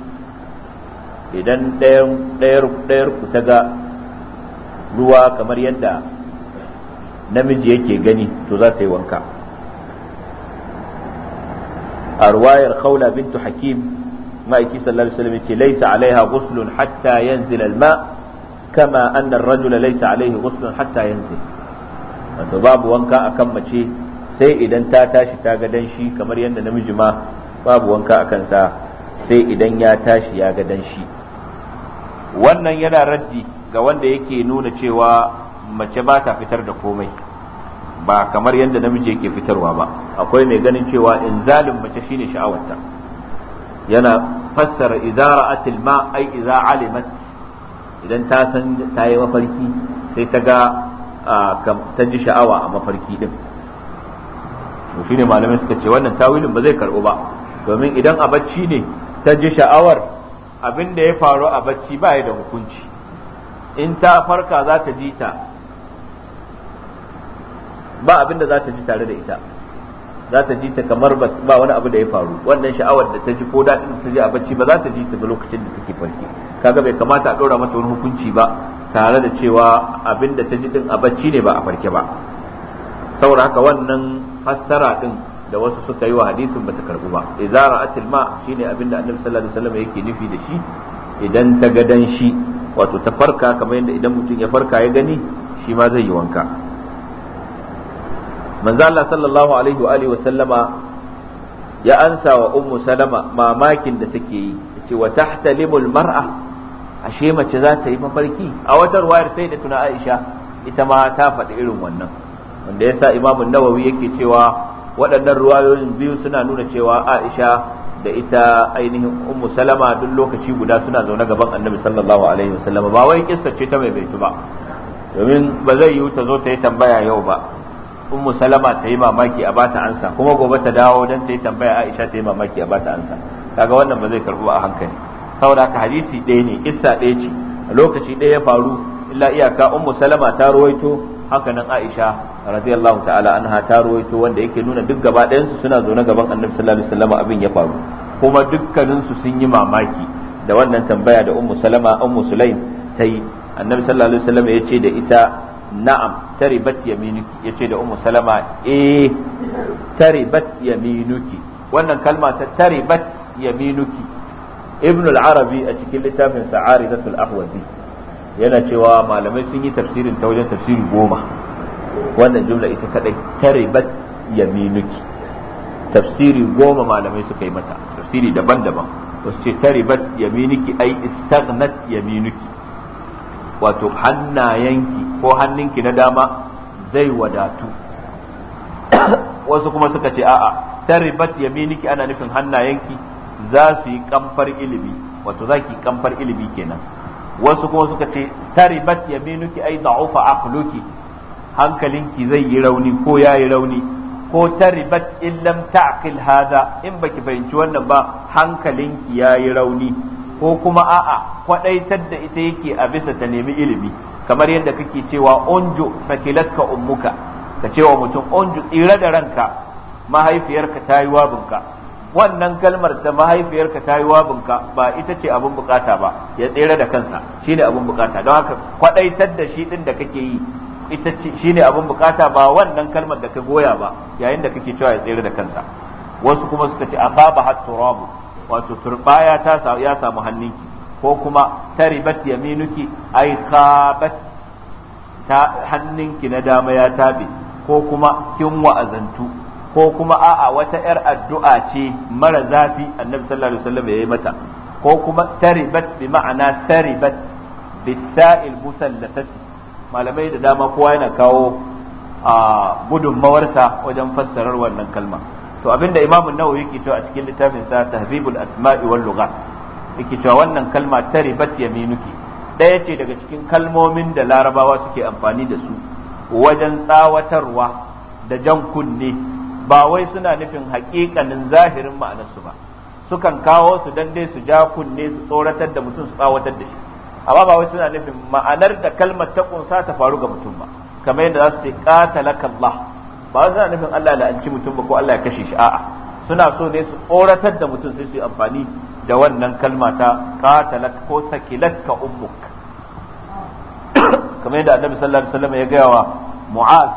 idan ɗayar ku ta ga ruwa kamar yadda namiji yake gani to za ta yi wanka a ruwayar khawla bintu hakim ma'aiki sallallahu alaihi wasallam ce laisa alaiha ghuslun hatta yanzil alma kama anna ar-rajula laisa alaihi ghuslun hatta yanzil wato babu wanka akan mace sai idan ta tashi ta ga danshi kamar yadda namiji ma babu wanka akan sa sai idan ya tashi ya ga danshi wannan yana raddi ga wanda yake nuna cewa mace ba ta fitar da komai ba kamar yadda namiji yake fitarwa ba akwai mai ganin cewa inzalin mace shine sha'awarta yana fassara idara atil ma ai idza alimat idan ta san ta yi mafarki sai ta ga ta ji sha'awa a mafarki din to shine malamai suka ce wannan tawilin ba zai karbo ba domin idan a bacci ne ta ji sha'awar abin da ya faru a bacci ba ya da hukunci in ta farka za ta ji ta ba abin da za ta ji tare da ita za ta ji ta kamar ba wani abu da ya faru wannan sha'awar da ta ji ko daɗin ta ji a bacci ba za ta ji ta ga lokacin da take farki kaga bai kamata a ɗora mata wani hukunci ba tare da cewa abin da ta ji din a bacci ne ba a farke ba saboda haka wannan fassara din da wasu suka yi wa hadisin bata karbu ba idza ra'atil ma shine abinda annabi sallallahu alaihi wasallam yake nufi da shi idan ta ga dan shi wato ta farka kamar yadda idan mutum ya farka ya gani shi ma zai yi wanka manzo Allah sallallahu alaihi wa alihi wasallama ya ansa wa ummu salama mamakin da take yi ce wa tahtalimul mar'a ashe mace za ta yi mafarki a wata ruwayar sai da tuna Aisha ita ma ta faɗi irin wannan wanda yasa Imam Nawawi yake cewa waɗannan ruwayoyin biyu suna nuna cewa Aisha da ita ainihin Ummu Salama duk lokaci guda suna zaune gaban Annabi sallallahu alaihi wasallam ba wai kissa ce ta mai baitu ba domin ba zai yiwu ta zo ta yi tambaya yau ba Ummu Salama ta yi mamaki a bata ansa kuma gobe ta dawo dan ta yi tambaya Aisha ta yi mamaki a bata ansa kaga wannan ba zai karbu a hankali saboda ka hadisi ɗaya ne kissa ɗaya ce lokaci ɗaya ya faru illa iyaka Ummu Salama ta ruwaito haka nan Aisha radiyallahu ta'ala anha ta rawaito wanda yake nuna duk gaba ɗayansu suna zaune gaban Annabi sallallahu alaihi wasallam abin ya faru kuma dukkaninsu sun yi mamaki da wannan tambaya da Ummu Salama Ummu Sulaim ta yi Annabi sallallahu alaihi wasallam ya ce da ita na'am taribat yaminuki yace da Ummu Salama eh taribat yaminuki wannan kalma ta taribat yaminuki Ibn al-Arabi a cikin littafin Sa'aridatul Ahwazi yana cewa malamai sun yi tafsirin ta wajen tafsiri goma wannan jumla ita kadai tare bat yaminuki tafsiri goma malamai suka yi mata tafsiri daban-daban wasu ce tare bat yaminuki ai istagnat yaminuki wato hannayenki ko hannunki na dama zai wadatu wasu kuma suka ce a'a tare bat yaminiki ana nufin hannayenki za su yi kamfar ilimi wato za ki kamfar ilimi kenan wasu kuma suka ce taribat yaminuki ai da'ufa aqluki hankalinki zai yi rauni ko ya yi rauni ko taribat in lam ta'qil hada in baki fahimci wannan ba hankalinki ya yi rauni ko kuma a'a kwadaitar da ita yake a bisa ta nemi ilimi kamar yadda kake cewa unju fakilatka ummuka ka cewa mutum unju tsira da ranka mahaifiyarka ta yi wabinka wannan kalmar da mahaifiyarka ta yi wabinka ba ita ce abin bukata ba ya tsere da kansa shine abin bukata don haka kwadaitar da shi din da kake yi ita ce shine abin bukata ba wannan kalmar da ka goya ba yayin da kake cewa ya tsere da kansa wasu kuma suka ce asaba hat turabu wato turbaya ta ya samu hannunki ko kuma taribat yaminuki ay khabat ta hannunki na dama ya tabe ko kuma kin wa'azantu ko kuma a'a wata 'yar addu'a ce mara zafi annabi sallallahu alaihi wasallam ya yi mata ko kuma taribat bi ma'ana taribat bisa'il musallatati malamai da dama kowa yana kawo a gudunmawarsa wajen fassarar wannan kalma to abinda imam an-nawawi yake cewa a cikin littafin sa tahzibul asma'i wal lugha yake cewa wannan kalma taribat yaminuki daya ce daga cikin kalmomin da larabawa suke amfani da su wajen tsawatarwa da jan kunne ba wai suna nufin haƙiƙanin zahirin ma'anarsu ba sukan kawo su dan dai su ja kunne su tsoratar da mutum su tsawatar da shi amma ba wai suna nufin ma'anar da kalmar ta kunsa ta faru ga mutum ba kamar yadda za su ce Allah ba wai suna nufin Allah la'anci mutum ba ko Allah ya kashe shi a'a suna so ne su tsoratar da mutum sai su yi amfani da wannan kalma ta qatalak ko sakilatka ummuk kamar yadda annabi sallallahu alaihi wasallam ya gaya wa mu'az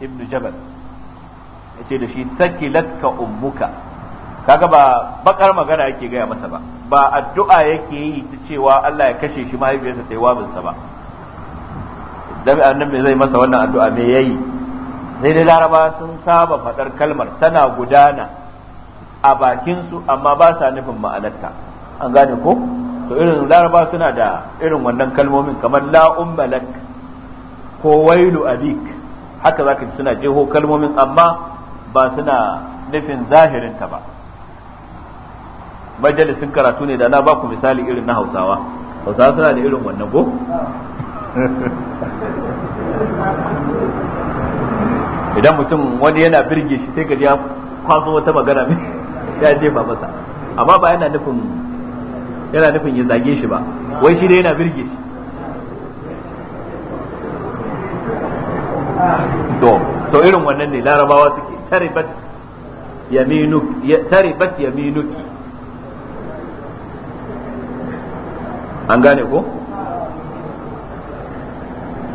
ibn jabal yace da shi takilatka ummuka kaga ba bakar magana yake gaya masa ba ba addu'a yake yi ta cewa Allah ya kashe shi mahaifiyarsa ta yi wabinsa ba dan annabi zai masa wannan addu'a me yayi sai dai laraba sun saba fadar kalmar tana gudana a bakin su amma ba sa nufin ma'anarta an gane ko to irin laraba suna da irin wannan kalmomin kamar la ummalak ko wailu abik haka zaka suna jeho kalmomin amma ba suna nufin zahirinta ba majalisin karatu ne da na ba ku misali irin na hausawa hausawa suna da irin wannan ko idan mutum wani yana birge shi sai gaji ya kwaso wata magana mai ya ba masa amma ba yana nufin yana nufin ya zage shi ba wai shi ne yana birge shi to irin wannan ne larabawa suke taribat yaminuk ya taribat yaminuki an gane ko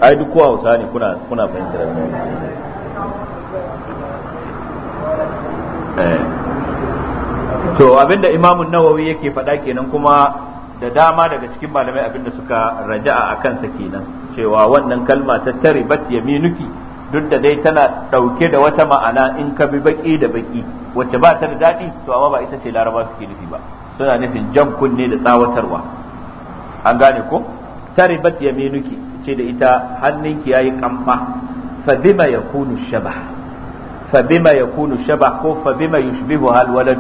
ai duk kowa hausa ne kuna kuna fahimtar eh. to abinda imamun nawawi yake faɗa kenan kuma da dama daga cikin malamai abinda suka raja'a a kansa kenan cewa wannan kalma ta taribat yaminuki duk da dai tana ɗauke da wata ma'ana in ka bi baki da baki wacce ba ta da daɗi to amma ba ita ce laraba suke nufi ba suna nufin jan kunne da tsawatarwa an gane ko taribat yaminuki ce da ita hannunki yayi kamma fa bima yakunu shabah fa bima yakunu shabah ko fa bima yushbihu hal walad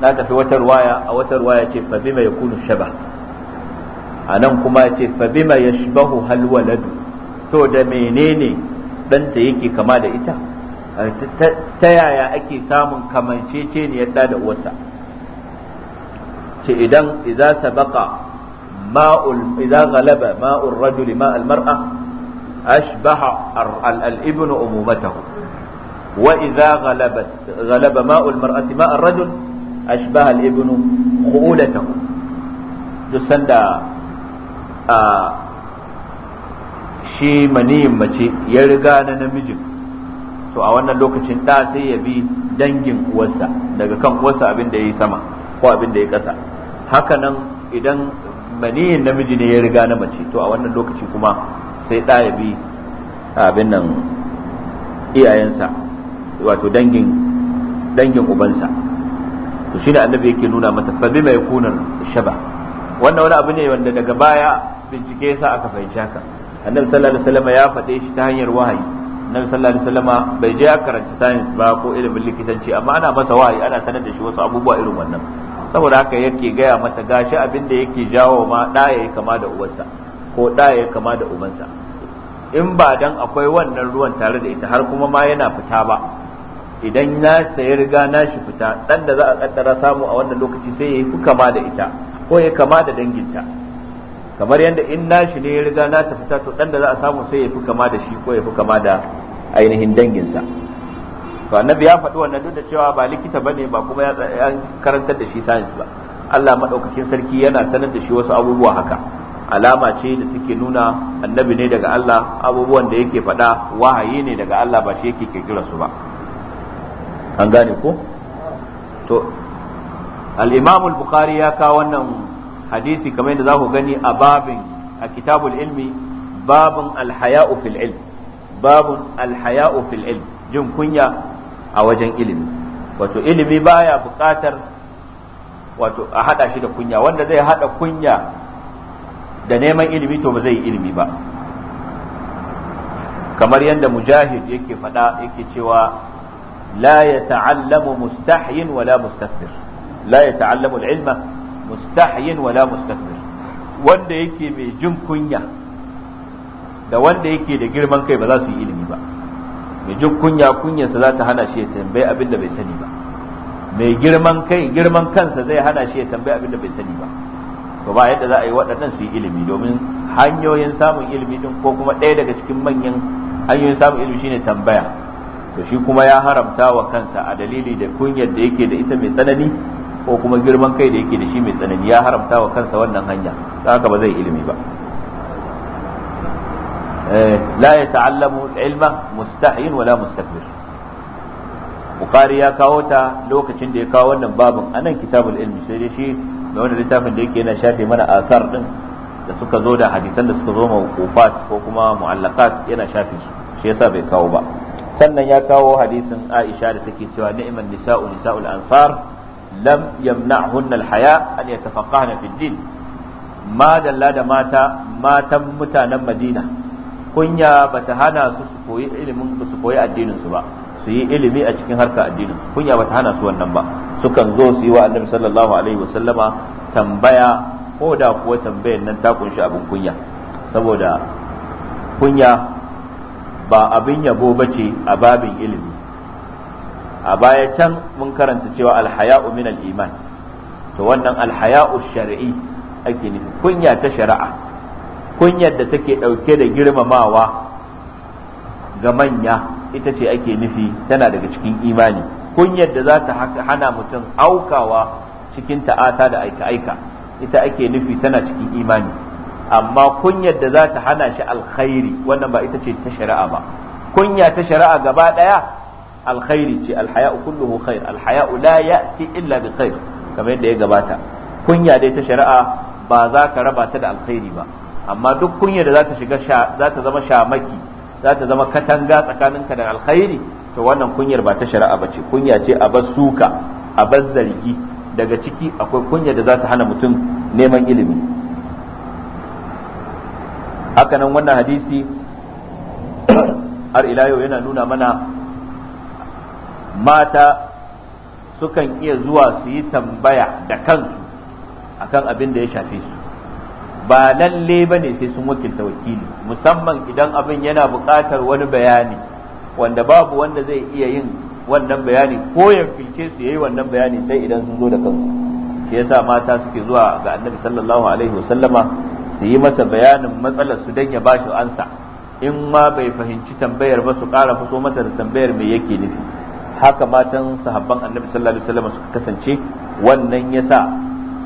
na tafi wata ruwaya a wata ruwaya ce fa bima yakunu shabah nan kuma ce fa bima yashbahu hal walad to da menene ɗanta yake kama da ita ta yaya ake samun kamanceceniyar yadda da uwarsa ce idan idza sabaqa ma'ul idza ghalaba ma'ul rajuli ma'al mar'a ashbaha al-ibnu umumatahu wa idza ghalaba ghalaba ma'ul mar'ati ma'al rajul ashbaha al-ibnu sanda a shi maniyin mace ya riga na namijin to a wannan lokacin da sai ya bi dangin uwarsa daga kan uwarsa abin da ya yi sama ko abin da ya kasa haka nan idan maniyin namiji ne ya riga na mace to a wannan lokaci kuma sai da ya bi abin nan iyayensa wato dangin dangin ubansa to shine annabi yake nuna mata fa bima yakuna shaba wannan wani abu ne wanda daga baya bincike sa aka fahimci haka annabi sallallahu alaihi wasallam ya fade shi ta hanyar wahayi annabi sallallahu alaihi wasallam bai je ya karanta science ba ko ilimin likitanci amma ana masa wahayi ana sanar da shi wasu abubuwa irin wannan saboda haka yake gaya masa gashi abin da yake jawo ma da ya kama da uwarsa ko da ya kama da ubansa in ba dan akwai wannan ruwan tare da ita har kuma ma yana fita ba idan na sayi riga na shi fita dan da za a kaddara samu a wannan lokaci sai ya yi kama da ita ko ya kama da danginta kamar yadda in shi ne ya riga na tafi ta to dan da za a samu sai ya fi kama da shi ko ya fi kama da ainihin danginsa to annabi ya faɗi wannan duk da cewa ba likita bane ba kuma ya karantar da shi science ba Allah madaukakin sarki yana sanar da shi wasu abubuwa haka alama ce da suke nuna annabi ne daga Allah abubuwan da yake faɗa wahayi ne daga Allah ba shi yake kirkira su ba an gane ko to al-Imam al-Bukhari ya kawo wannan hadisi kamar yadda za ku gani a babin a kitabul ilmi babin alhaya'u fil ilm babin alhaya'u fil ilm jin kunya a wajen ilimi wato ilimi baya buƙatar wato a hada shi da kunya wanda zai hada kunya da neman ilimi to ba zai yi ilimi ba kamar yadda mujahid yake faɗa yake cewa la ya ta'allamu mustahyin wala mustafir la ya ta'allamu ilma mustahiyin wala mustakbir wanda yake mai jin kunya da wanda yake da girman kai ba za su yi ilimi ba mai jin kunya kunyarsa za ta hana shi ya tambayi abin da bai sani ba mai girman kai girman kansa zai hana shi ya tambayi abin da bai sani ba to ba yadda za a yi waɗannan su yi ilimi domin hanyoyin samun ilimi din ko kuma ɗaya daga cikin manyan hanyoyin samun ilimi shine tambaya to shi kuma ya haramta wa kansa a dalili da kunyar da yake da ita mai tsanani ko kuma girman kai da yake da shi mai tsanani ya haramta wa kansa wannan hanya don haka ba zai ilimi ba eh, la ya ta'allamu ilma mustahin wala mustakbir bukari ya kawo ta lokacin da ya kawo wannan babin anan kitabul ilmi sai dai shi mai wannan littafin da yake yana shafe mana asar din da suka zo da hadisan da suka zo ma mawqufat ko kuma mu'allaqat yana shafe shi yasa bai kawo ba sannan ya kawo hadisin Aisha da take cewa ni'man nisa'u nisa'ul ansar lam yamna'hunna haya an yatafaqahna fi din ma dalla da mata matan mutanen Madina kunya bata hana su su koyi ilimin su koyi addinin su ba su yi ilimi a cikin harkar addinin kunya bata hana su wannan ba sukan zo su yi wa annabi sallallahu alaihi wasallama tambaya ko da kuwa tambayar nan ta kunshi abin kunya saboda kunya ba abin yabo bace a babin ilimi a baya can mun karanta cewa alhaya'u min al-iman to wannan alhaya'u shar'i ake nufi kunya ta shari'a kunyar da take dauke da girmamawa ga manya ita ce ake nufi tana daga cikin imani kunyar da za ta hana mutum aukawa cikin ta'ata da aika-aika ita ake nufi tana cikin imani amma kunyar da za ta hana shi alkhairi wannan ba ita ce ta shari'a ba kunya ta shari'a gaba ɗaya alkhairi ce alhaya'u kulluhu khair alhaya'u la ya'ti illa bi khair kamar yadda ya gabata kunya dai ta shari'a ba za ka raba ta da alkhairi ba amma duk kunya da za ta shiga za ta zama shamaki za ta zama katanga tsakaninka da alkhairi to wannan kunyar ba ta shari'a ba ce kunya ce a bar suka a bar zargi daga ciki akwai kunya da za ta hana mutum neman ilimi hakanan wannan hadisi har ila yau yana nuna mana mata sukan iya zuwa su yi tambaya da kansu akan abin da ya shafe su ba lalle ba ne sai sun wakilta wakili musamman idan abin yana buƙatar wani bayani wanda babu wanda zai iya yin wannan bayani ko ya fice su yayi wannan bayani sai idan sun zo da kansu shi yasa mata suke zuwa ga annabi sallallahu alaihi wasallama su yi masa bayanin matsalar su dan ya bashi ansa in ma bai fahimci tambayar ba su ƙara fuso masa da tambayar me yake nufi haka matan sahabban annabi sallallahu alaihi wasallam suka kasance wannan yasa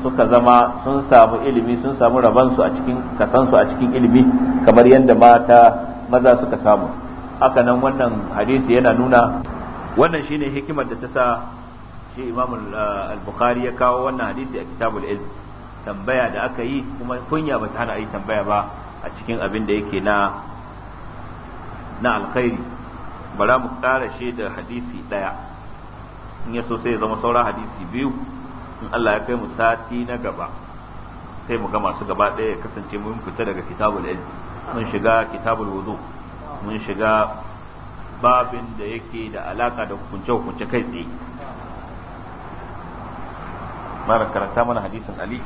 suka zama sun samu ilimi sun samu rabansu a cikin kasansu a cikin ilimi kamar yadda mata maza suka samu haka nan wannan hadisi yana nuna wannan shine hikimar da ta sa shi imam eh, al-bukhari ya kawo wannan hadisi a kitabul ilm tambaya da aka yi kuma kunya ba ta hana yi tambaya ba a cikin abin da yake na na alkhairi bara mu karashe da hadisi ɗaya, in ya so sai ya zama saura hadisi biyu in Allah ya kai mu sati na gaba sai mu gama su gaba ɗaya ya kasance mun fita daga kitabul ilm mun shiga kitabul wudu mun shiga babin da yake da alaka da hukunce hukunce kai tsaye mara karanta mana hadisin ali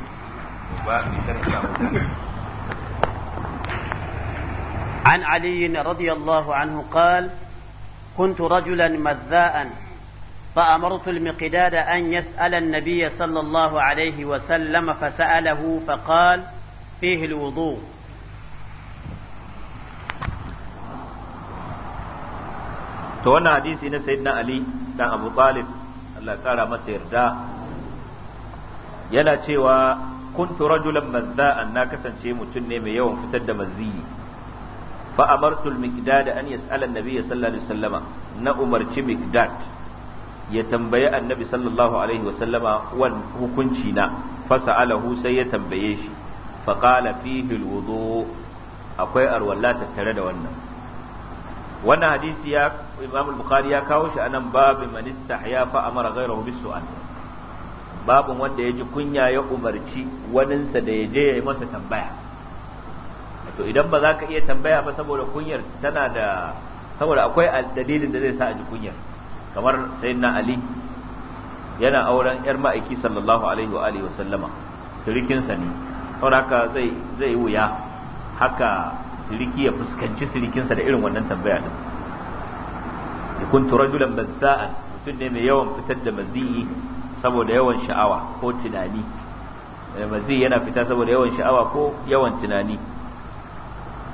عن علي رضي الله عنه قال كنت رجلا مذاء فأمرت المقداد أن يسأل النبي صلى الله عليه وسلم فسأله فقال فيه الوضوء to wannan hadisi na sayyidina ali dan abu talib Allah kara masa yarda yana cewa kuntu rajulan mazza'an na kasance mutum ne mai yawan fitar da mazzi fa amartu al-miqdad an yas'ala an-nabiy sallallahu alaihi wasallama na umarci miqdad ya tambayi annabi sallallahu alaihi wasallama wan hukunci na fa sa'alahu ya tambaye shi fa qala fihi akwai arwalla tattare da wannan wannan hadisi ya Imam bukhari ya kawo shi anan babu man istahya fa amara ghayrahu bis-su'al babun wanda ya ji kunya ya umarci waninsa da ya je ya yi masa tambaya to idan ba za ka iya tambaya ba saboda kunyar tana da saboda akwai dalilin da zai sa a ji kunyar kamar na ali yana auren yar ma'aiki sallallahu alaihi wa alihi wa sallama sirikinsa ne saboda haka zai zai wuya haka siriki ya fuskanci sirikinsa da irin wannan tambaya din kuntu rajulan bazza'an mutum ne mai yawan fitar da maziyi saboda yawan sha'awa ko tunani eh, maziyi yana fita saboda yawan sha'awa ko yawan tunani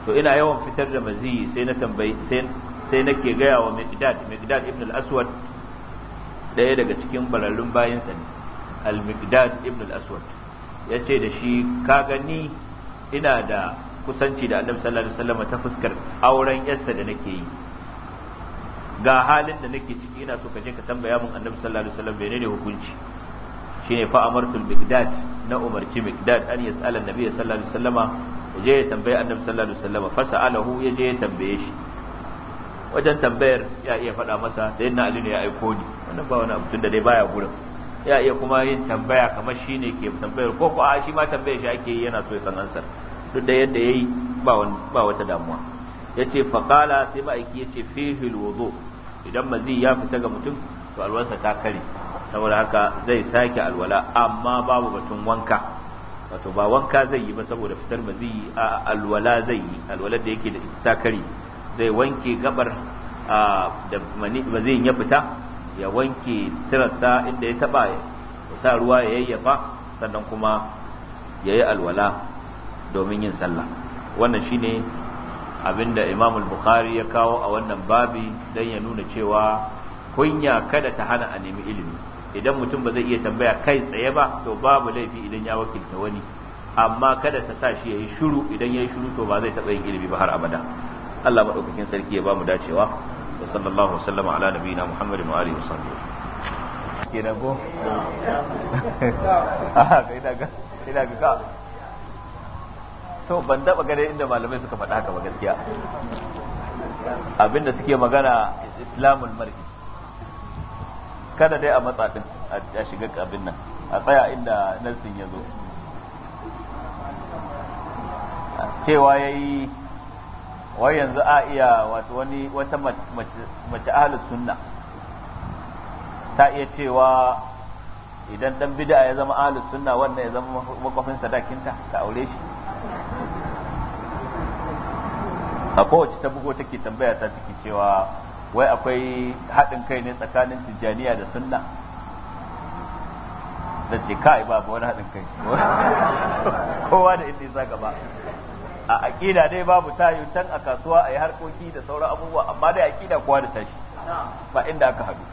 to ina yawan fitar da maziyi sai na tambayi sai nake gaya wa miqdad miqdad ibn al-aswad daya daga cikin bararrun bayansa ne al-miqdad ibn al-aswad yace da shi ka gani ina da kusanci da annabi sallallahu alaihi wasallam ta fuskar auren yarsa da nake yi ga halin da nake ciki ina so ka je ka tambaya mun annabi sallallahu alaihi wasallam menene hukunci shine fa amartul miqdad na umarci miqdad an yas'ala annabi sallallahu alaihi wasallama je ya tambaye annabi sallallahu alaihi wasallam sa'alahu ya je ya tambaye shi wajen tambayar ya iya faɗa masa sayyidina ali ne ya aiko ni wannan ba wani abu da dai baya gurin ya iya kuma yin tambaya kamar shi ne ke tambayar ko ko shi ma tambayar shi ake yi yana so ya san ansar duk da yadda yayi ba ba wata damuwa yace qala sai ba aiki yace fihi alwudu idan mazi ya fita ga mutum to alwasa ta kare saboda haka zai sake alwala amma babu batun wanka wato ba wanka zai yi ba saboda fitar maziyi a alwala zai yi alwala da yake da takari zai wanke gabar da zai ya fita ya wanke tirarsa inda ya taba ya sa ruwa ya yayyafa sannan kuma ya yi alwala domin yin sallah wannan shine abinda imam bukhari ya kawo a wannan babi don ya nuna cewa kunya kada ta hana a nemi ilimi idan mutum ba zai iya tambaya kai tsaye ba to babu laifi idan ya wakilta wani amma kada ta sa shi yayi shiru idan yayi shiru to ba zai taɓa yin ilimi ba har abada Allah madaukakin sarki ya ba mu dacewa wa sallallahu wasallama ala nabiyina muhammadin wa alihi wasallam kenan go a kai daga ina ga ka to ban daba gare inda malamai suka faɗa haka ba gaskiya abinda suke magana islamul mar'i kada dai a matsa din a shiga abin nan a tsaya inda nassin ya zo cewa ya yi wai yanzu a iya wato wani wata mace ahalus sunna ta iya cewa idan dan bid'a ya zama ahalus sunna wannan ya zama makwafin sadakinta ta aure shi a kowace ta bugo take tambaya ta ciki cewa wai akwai haɗin kai ne tsakanin tijjaniya da sunna da ce kai ba wani haɗin kai kowa da inda za gaba a aƙida dai babu tayi can a kasuwa a yi harkoki da sauran abubuwa amma dai aƙida kowa da tashi ba inda aka haɗu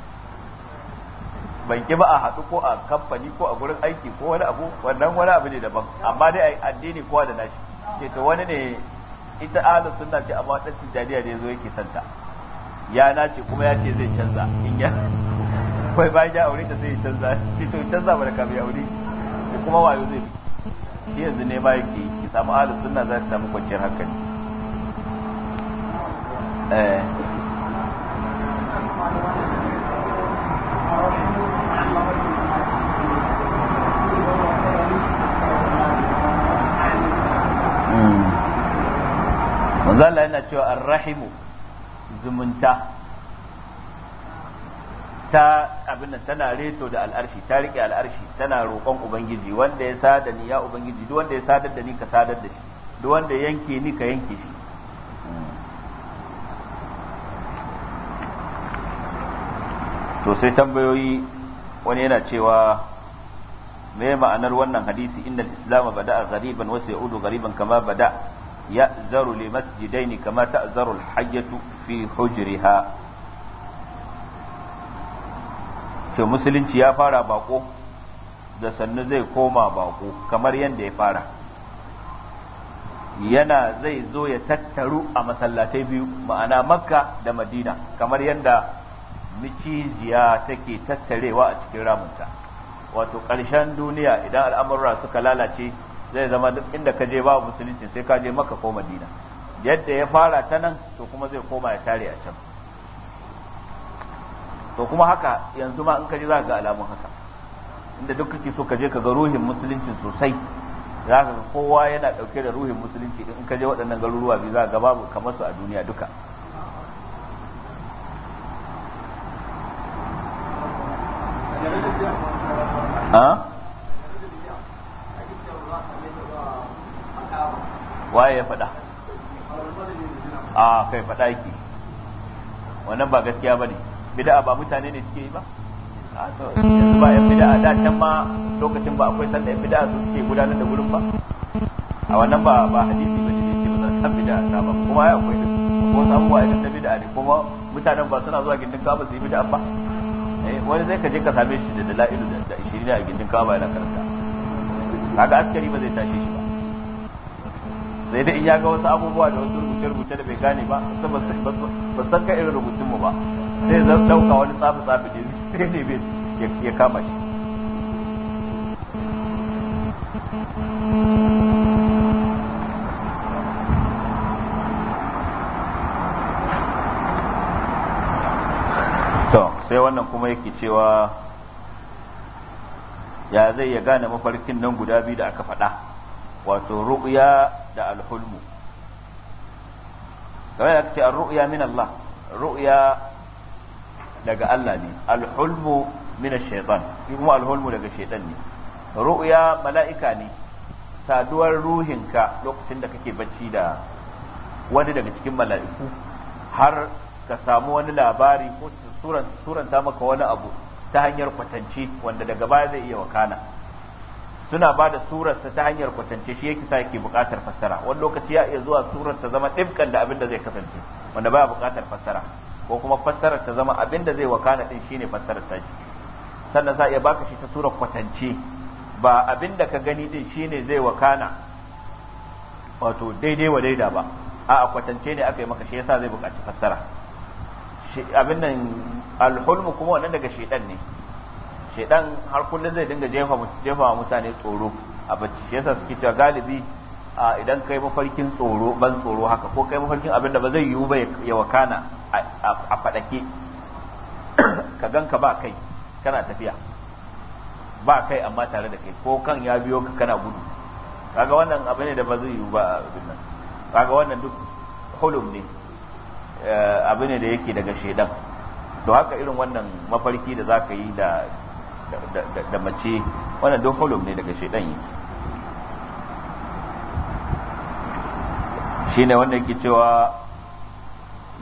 ban ki ba a haɗu ko a kamfani ko a gurin aiki ko wani abu wannan wani abu ne daban amma dai addini kowa da nashi ke to wani ne ita ahlus sunna ce amma ɗan tijaniya ne zo yake santa ya nace kuma ya ce zai canza in ya kai bayan ya aure ta sai ya canza shi to canza ba da kamar ya aure shi kuma wayo zai shi yanzu ne ba yake ki samu ahlus sunna za ta samu kwanciyar hankali eh hmm. manzo Allah yana cewa arrahimu zumunta ta abin tana reto da al'arshi ta rike al'arshi tana roƙon ubangiji wanda ya sada ni ya ubangiji duk wanda ya sadar da ni ka sadar da shi duk wanda yanke ni ka yanke shi to sai tambayoyi wani yana cewa me ma'anar wannan hadisi innal islam bada'a ghariban wa sayudu ghariban kama bada'a يأذر لمسجدين كما تأذر الحية في حجرها to musulunci ya fara bako da sannu zai koma bako kamar yadda ya fara yana zai zo ya tattaru a masallatai biyu ma'ana makka da madina kamar yadda micijiya take tattarewa a cikin ramunta wato ƙarshen duniya idan al'amurra suka lalace zai zama duk inda ka je ba musulunci sai ka je maka ko madina yadda ya fara ta nan to kuma zai koma ya tare a can to kuma haka yanzu ma in ka je za ga alamun haka inda duk kake so ka je ka ga ruhin musulunci sosai za ka ga kowa yana dauke da ruhin musulunci in ka je waɗannan garuruwa biyu za ga babu kamar su a duniya duka Huh? waye ya faɗa a kai faɗa yake wannan ba gaskiya ba ne bida ba mutane ne suke yi ba yanzu ba yan bida da can ma lokacin ba akwai sanda yan bida su suke gudanar da gurin ba a wannan ba ba hadisi ba ne ce ba san bida na ba kuma ya akwai duk ko samu wa da bida ne kuma mutanen ba suna zuwa gindin kaba su yi bida ba eh, wani zai ka je ka same shi da dala'ilu da 20 a gindin kaba yana karanta kaga askari ba zai tashi shi ba sai dai in ya ga wasu abubuwa da wasu rubuce-rubuce da bai gane ba ba san ka irin rubutun mu ba sai zan dauka wani tsafi tsafi ne sai ne bai ya kama shi to sai wannan kuma yake cewa ya zai ya gane mafarkin nan guda biyu da aka faɗa wato ru'ya da alhulmu kamar da ce ru'ya min Allah ru'ya daga Allah ne alhulmu min shaitan shi kuma alhulmu daga shaytan ne ru'ya mala'ika ne saduwar ruhinka lokacin da kake bacci da wani daga cikin mala'iku har ka samu wani labari ko suranta maka wani abu ta hanyar kwatance wanda daga baya zai iya wakana suna ba da surarsa ta hanyar kwatance shi yake sa yake buƙatar fassara wani lokaci ya iya zuwa surar ta zama ɗibkan da abin da zai kasance wanda baya buƙatar fassara ko kuma fassarar ta zama abin da zai wakana din shine fassarar ta shi sannan za a iya baka shi ta surar kwatance ba abin da ka gani din shine zai wakana wato daidai wa daida ba a kwatance ne aka yi maka shi yasa zai buƙaci fassara abin nan alhulmu kuma wannan daga shedan ne shedan har kullum zai dinga jefa jefa mutane tsoro a bacci shi yasa suke cewa galibi a idan kai mafarkin tsoro ban tsoro haka ko kai mafarkin abinda ba zai yiwu ba ya wakana a fadake ka ganka ba kai kana tafiya ba kai amma tare da kai ko kan ya biyo ka kana gudu kaga wannan abin da ba zai yiwu ba abin nan kaga wannan duk hulum ne eh, abu ne da yake daga shedan to haka irin wannan mafarki da zaka yi da da mace wannan don hulum ne daga shaidan shi ne wanda yake cewa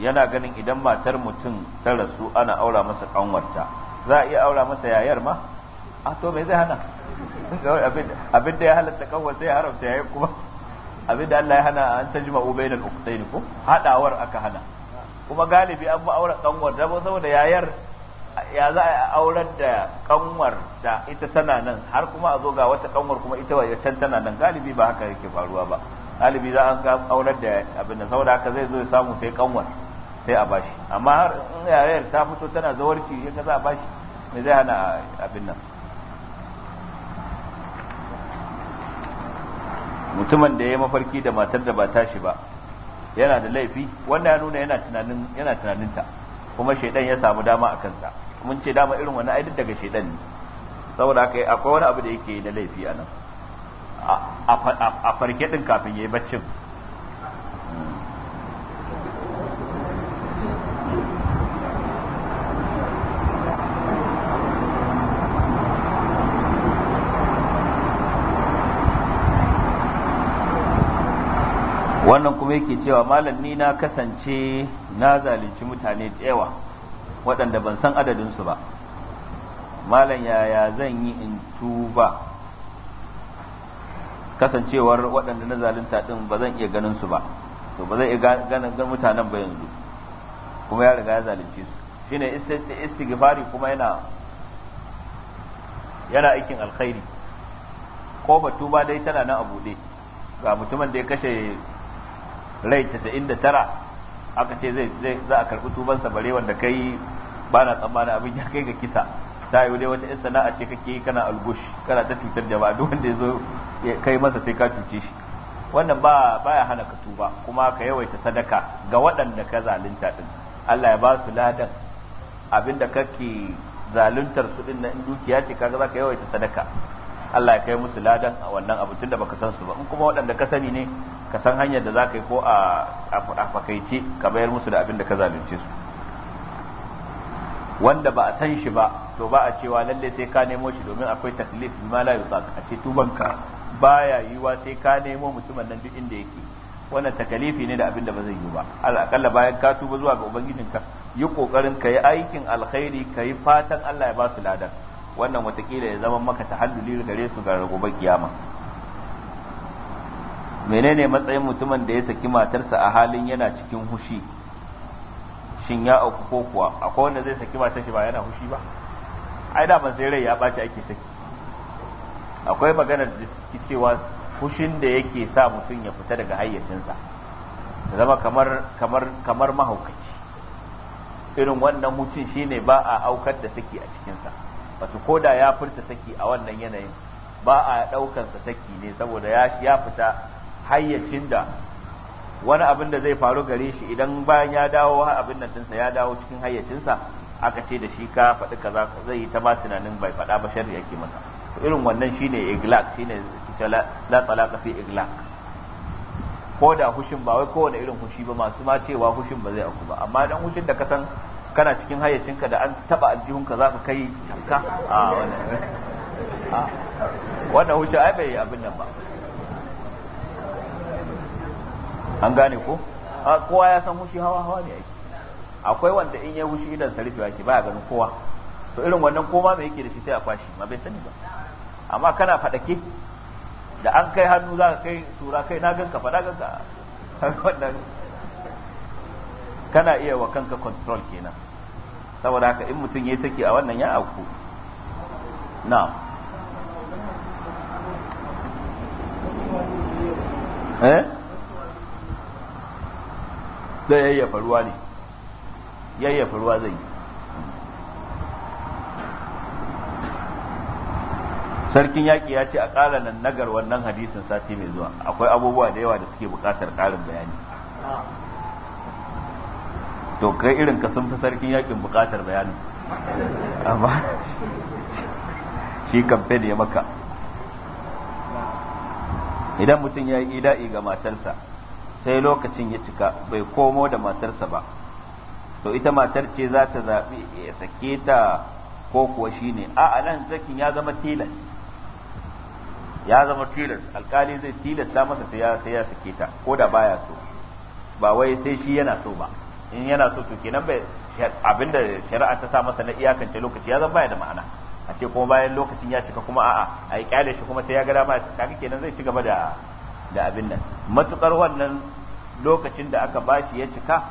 yana ganin idan matar mutum ta rasu ana aura masa kanwarta za a iya aura masa yayar ma a to mai zai hana abin da ya halatta kanwar sai haramta yayar kuma abin da Allah ya hana an ta jima ubai da ukutai ko hadawar aka hana kuma galibi an ba aura kanwar da saboda yayar ya za a aurar da kanwar da ita tana nan har kuma a zo ga wata kanwar kuma ita wajen tana nan galibi ba haka yake faruwa ba galibi za an ga aurar da abin da saboda haka zai zo ya samu sai kanwar sai a bashi amma har in yayar ta fito tana zawarci ya za a bashi me zai hana abin nan mutumin da ya mafarki da matar da ba tashi ba yana da laifi wannan ya nuna yana tunanin yana tunaninta kuma shaidan ya samu dama a kansa mun ce dama irin wani aidin daga shedan ne saboda haka akwai wani abu da yake yi na laifi a nan a farke din kafin yayi baccin wannan kuma yake cewa malam ni na kasance na zalunci mutane da yawa waɗanda ban san adadinsu ba malam yaya zan yi in tuba kasancewar waɗanda na zalunta din ba zan iya ganin su ba to ba zan iya ganin mutanen ba yanzu kuma ya riga ya zalunce su shine istighfari kuma yana yana aikin alkhairi ko ba tuba dai tana nan a buɗe ga mutumin da ya kashe rai 99 aka ce zai za a karbi tubansa bare wanda kai ba na tsammanin abin ya kai ga kisa ta yi dai wata yan sana'a ce kake kana algush kana ta cutar jama'a duk wanda ya zo kai masa sai ka cuce shi wannan ba baya hana ka tuba kuma ka yawaita sadaka ga waɗanda ka zalunta din Allah ya ba su ladan abinda kake zaluntar su din na dukiya ce kaga ka yawaita sadaka Allah ya kai musu ladan a wannan abu tunda baka san su ba in kuma waɗanda ka sani ne ka san hanyar da za ka yi ko a fakaice ka bayar musu da abin da ka zalunce su wanda ba a san shi ba to ba a cewa lalle sai ka nemo shi domin akwai taklif ma la yusaq a ce tubanka baya yiwa sai ka nemo mutumin nan duk inda yake wannan takalifi ne da abin da ba zai yi ba alakalla bayan ka tuba zuwa ga ubangijinka yi kokarin ka yi aikin alkhairi ka yi fatan Allah ya ba su ladan wannan watakila ya zama maka tahalluli gare su ga gobe kiyama menene matsayin mutumin da ya saki matarsa a halin yana cikin hushi shin ya auku ko kuwa akwai wanda zai saki matar shi ba yana hushi ba ai da ban sai rai ya ɓaci ake saki akwai magana da cewa hushin da yake sa mutum ya fita daga hayyacinsa zama kamar kamar kamar mahaukaci irin wannan mutum shine ba a aukar da saki a cikinsa wato ko ya furta saki a wannan yanayin ba a ɗaukan sa saki ne saboda ya ya fita hayyacin da wani abin da zai faru gare shi idan bayan ya dawo abin nan dinsa ya dawo cikin hayyacinsa aka ce da shi ka faɗi kaza zai yi ta ba tunanin bai faɗa ba sharri yake masa irin wannan shine iglaq shine la talaqa fi iglaq ko da hushin ba wai kowane irin hushi ba masu ma cewa hushin ba zai auku ba amma dan hushin da ka san kana cikin hayyacinka da an taba aljihunka za ka kai canka a wannan wuce ai bai abin nan ba an gane ko kowa ya san hushi hawa hawa ne ake akwai wanda in ya hushi idan sarifi yake baya ganin kowa to irin wannan koma mai yake da shi sai a kwashi ma bai sani ba amma kana fadake da an kai hannu za ka kai tura kai na ganka fada ganka wannan kana iya wa kanka control kenan saboda haka in mutum ya saki a wannan ya auku na eh zai yayyafa ruwa ne yayyafa ruwa zai yi sarkin yaƙi ya ce a ƙara nan nagar wannan hadisin sati mai zuwa akwai abubuwa da yawa da suke buƙatar ƙarin bayani to kai irin ka sun fi sarkin yakin bukatar bayani amma shi kamfen ya maka idan mutum ya yi ida'i ga matarsa sai lokacin ya cika bai komo da matarsa ba to ita matar ce za ta zaɓi ya sake ta ko kuwa shi ne a nan sakin ya zama tilas ya zama tilas alkali zai tilasta masa sai ya sake ta ko da baya so ba wai sai shi yana so ba in yana so to kenan bai abinda shari'a ta sa masa na iyakance lokaci ya zan baya da ma'ana a ce kuma bayan lokacin ya cika kuma a'a a yi kyale shi kuma sai ya ga dama kaga kenan zai ci gaba da da abin nan matukar wannan lokacin da aka bashi ya cika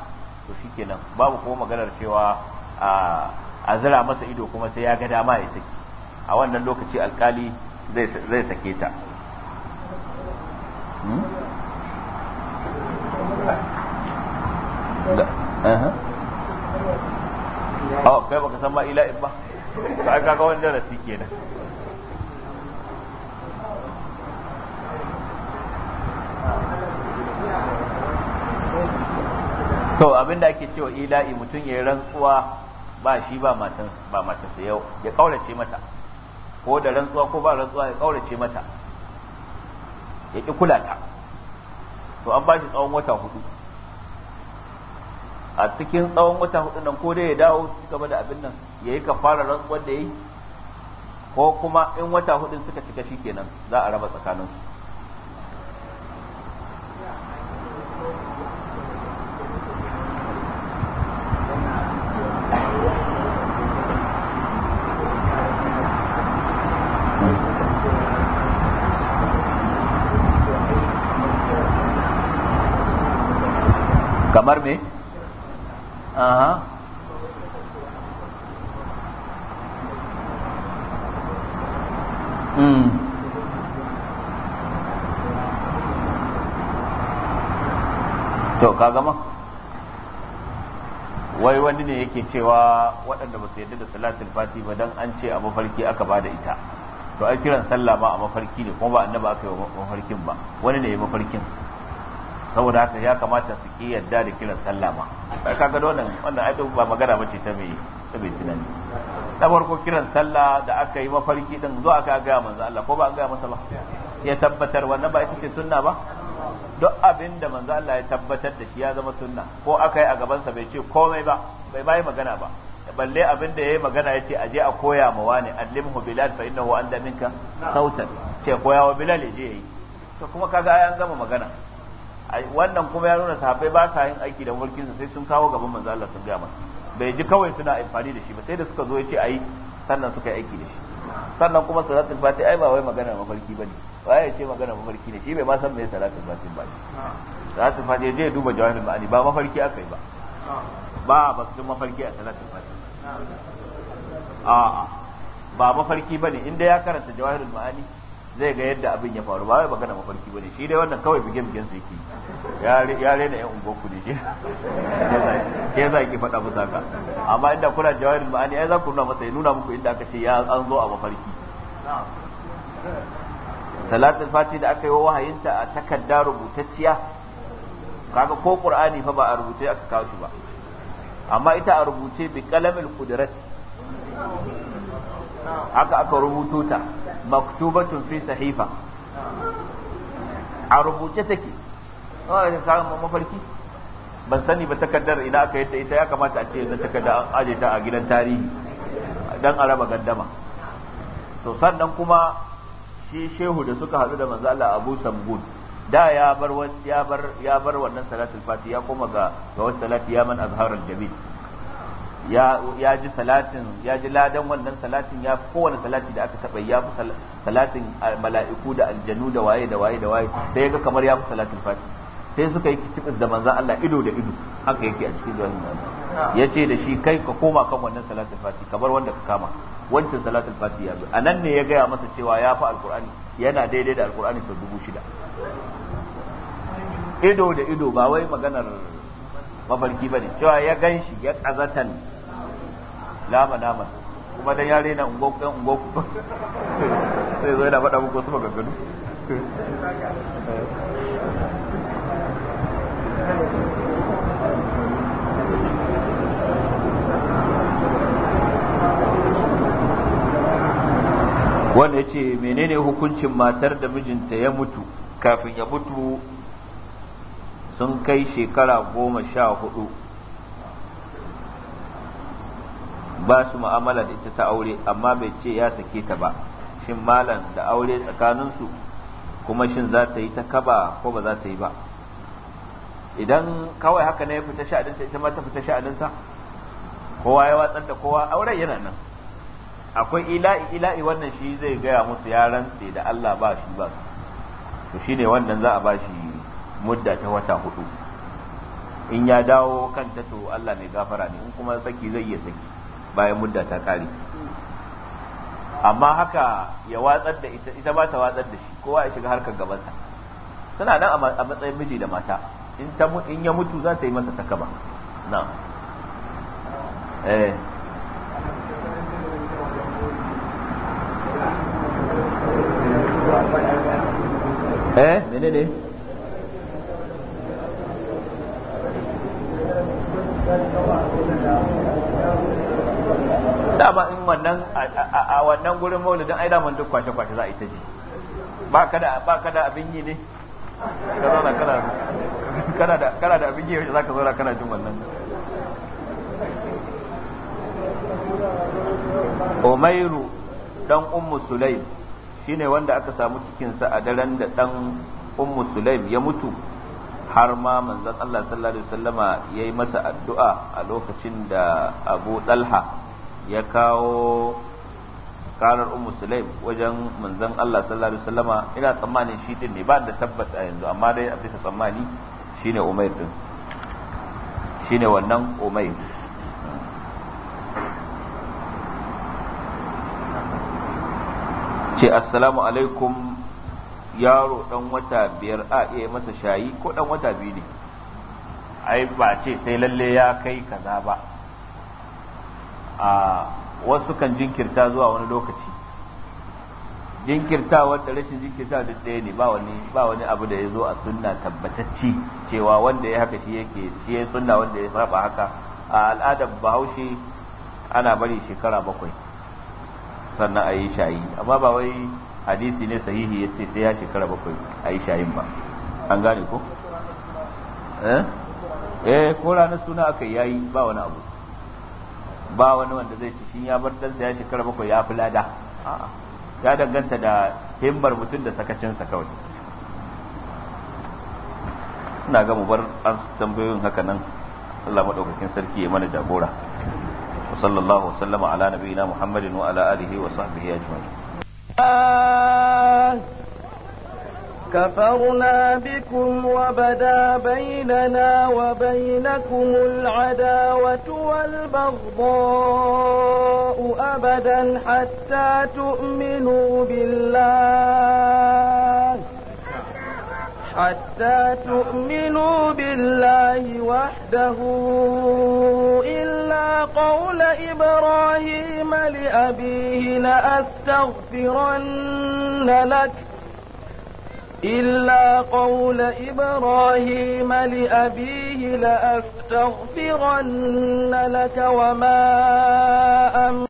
to shikenan babu kuma maganar cewa a a zira masa ido kuma sai ya ga dama ya saki a wannan lokaci alkali zai sake ta hmm? Oh, kai baka san ma ila'in ba ta aka ga wani darasi kenan to abinda ake cewa ila'i mutum ya yi rantsuwa ba shi ba matan ba matansa yau ya kaurace mata ko da rantsuwa ko ba rantsuwa ya kaurace mata ya ki kula ta to an ba shi tsawon wata hudu a cikin tsawon wata hudu nan ko dai ya dawo su gaba da abin nan ya yi kafara rantsuwar da ya yi ko kuma in wata hudu suka cika shi kenan za a raba su kamar me ka gama wai wani ne yake cewa waɗanda ba su yadda da salatul fati ba dan an ce a mafarki aka ba da ita to ai kiran sallah ba a mafarki ne kuma ba annaba aka yi mafarkin ba wani ne ya mafarkin saboda haka ya kamata su ki yadda da kiran sallah ma ka kaga wannan wannan ai ba magana bace ta mai ta mai tunani da farko kiran sallah da aka yi mafarki din zo aka ga manzo Allah ko ba an ga masa ba ya tabbatar wannan ba ita ce sunna ba duk abin da manzo Allah ya tabbatar da shi ya zama sunna ko aka yi a gabansa bai ce komai ba bai bai magana ba balle abin da yayi magana yace aje a koya ma wani allimhu bilal fa innahu anda minka sautan ce koya wa bilal je yayi to kuma kaga ya an gama magana wannan kuma ya nuna sahabbai ba sa yin aiki da mulkin sa sai sun kawo gaban manzo Allah sun ga masa bai ji kawai suna amfani da shi ba sai da suka zo yace ayi sannan suka yi aiki da shi sannan kuma salatul fati ai ba wai magana mafarki bane waye ya ce magana mafarki ne shi bai ma san me salatul fati ba salatul fati zai duba jawabin ma'ani ba mafarki akai ba ba ba su mafarki a salatul fati a ba mafarki bane inda ya karanta jawahirul ma'ani zai ga yadda abin ya faru ba wai magana mafarki bane shi dai wannan kawai bigin bigin sai ki ya rena yan unguwar ku ne ke za ki faɗa musu haka amma inda kuna jawabin ma'ani ai za ku nuna masa ya nuna muku inda aka ce ya an zo a mafarki salatul fati da aka yi wa wahayinta a takarda rubutacciya kaga ko qur'ani fa ba a rubuce aka kawo shi ba amma ita a rubuce bi qalamil qudrat haka aka rubuto ta maktubatun fi sahifa a rubuce take kawai da samun mafarki ban sani ba takardar ina aka yadda ita ya kamata a ce na takarda an aje ta a gidan tarihi dan a raba gaddama to sannan kuma shi shehu da suka haɗu da manzo Allah Abu Samgun da ya bar ya bar ya bar wannan salatul fati ya koma ga ga wannan salati ya man al jamil ya ji salatin ya ji ladan wannan salatin ya kowane salati da aka taɓa ya fi salatin mala'iku da aljanu da waye da waye da waye sai ga kamar ya fi salatin fati sai suka yi kitibis da manzan Allah ido da ido haka yake a cikin zuwan ya ce da shi kai ka koma kan wannan salatin fati kamar wanda ka kama wancan salatin fati ya zo a nan ne ya gaya masa cewa ya fi alkur'ani yana daidai da alkur'ani sau dubu shida ido da ido ba wai maganar mafarki ba ne cewa ya gan shi ya ƙazatan lama lama kuma dan yare na ungo dan ungo ku sai zo yana faɗa muku wasu maganganu wanda ya ce menene hukuncin matar da mijinta ya mutu kafin ya mutu sun kai shekara goma sha hudu ba su mu'amala da ita ta aure amma bai ce ya sake ta ba shin malam da aure tsakaninsu kuma shin za ta yi ta kaba ko ba za ta yi ba idan kawai haka ne ya fita sha'aninta ita ma ta fita sha'aninta kowa ya watsar da kowa auren yana nan akwai ila'i ila'i wannan shi zai gaya musu ya rantse da Allah ba shi ba to shine wannan za a ba shi mudda ta wata hudu in ya dawo kanta to Allah mai gafara ne in kuma saki zai iya saki bayan mudda ta kare amma haka ya watsar da ita ita ba ta watsar da shi kowa ya shiga harkar gabansa suna nan a matsayin miji da mata in ta in ya mutu za ta yi masa takaba na eh eh menene wannan a wannan gurin maulidin ai daman duk kwashe kwashe za a yi ta ji ba ka da ba kada abin yi ne ka zauna kana kana da kana da abin yi za ka zauna kana jin wannan Umairu dan Ummu Sulaim shine wanda aka samu cikinsa a daren da dan Ummu Sulaim ya mutu har ma manzon Allah sallallahu alaihi wasallama yayi masa addu'a a lokacin da Abu Talha ya kawo karar Umar sulaim wajen manzan Allah sallallahu alaihi wasallama ina tsammanin shi din ne ba da tabbata yanzu amma dai a bisa tsammani shine Umar din shine wannan umair ce assalamu alaikum yaro dan wata biyar a iya masa shayi ko dan wata biyu ne ai ba ce sai lalle ya kai kaza ba a wasu kan jinkirta zuwa wani lokaci jinkirta wanda rashin jinkirta duk ɗaya ne ba wani ba wani abu da ya zo a sunna tabbatacci cewa wanda ya haka shi yake shi ya sunna wanda ya saba haka a al'adar bahaushe ana bari shekara bakwai sannan a yi shayi amma ba wai hadisi ne sahihi ya ce sai ya shekara bakwai a yi shayin ba an gane ko eh, eh ko ranar suna aka yayi ba wani abu ba wani wanda zai ci shi ya bar ɗansa ya shekara bakwai ya fi lada ya danganta da himbar mutum da sakacinsa kawai ina ga mu bar an tambayoyin haka nan Allah madaukakin sarki ya mana jagora wa sallallahu wa sallama ala nabiyina muhammadin wa ala alihi wa كفرنا بكم وبدا بيننا وبينكم العداوة والبغضاء أبدا حتى تؤمنوا بالله حتى تؤمنوا بالله وحده إلا قول إبراهيم لأبيه لأستغفرن لك إلا قول إبراهيم لأبيه لأستغفرن لك وما أمر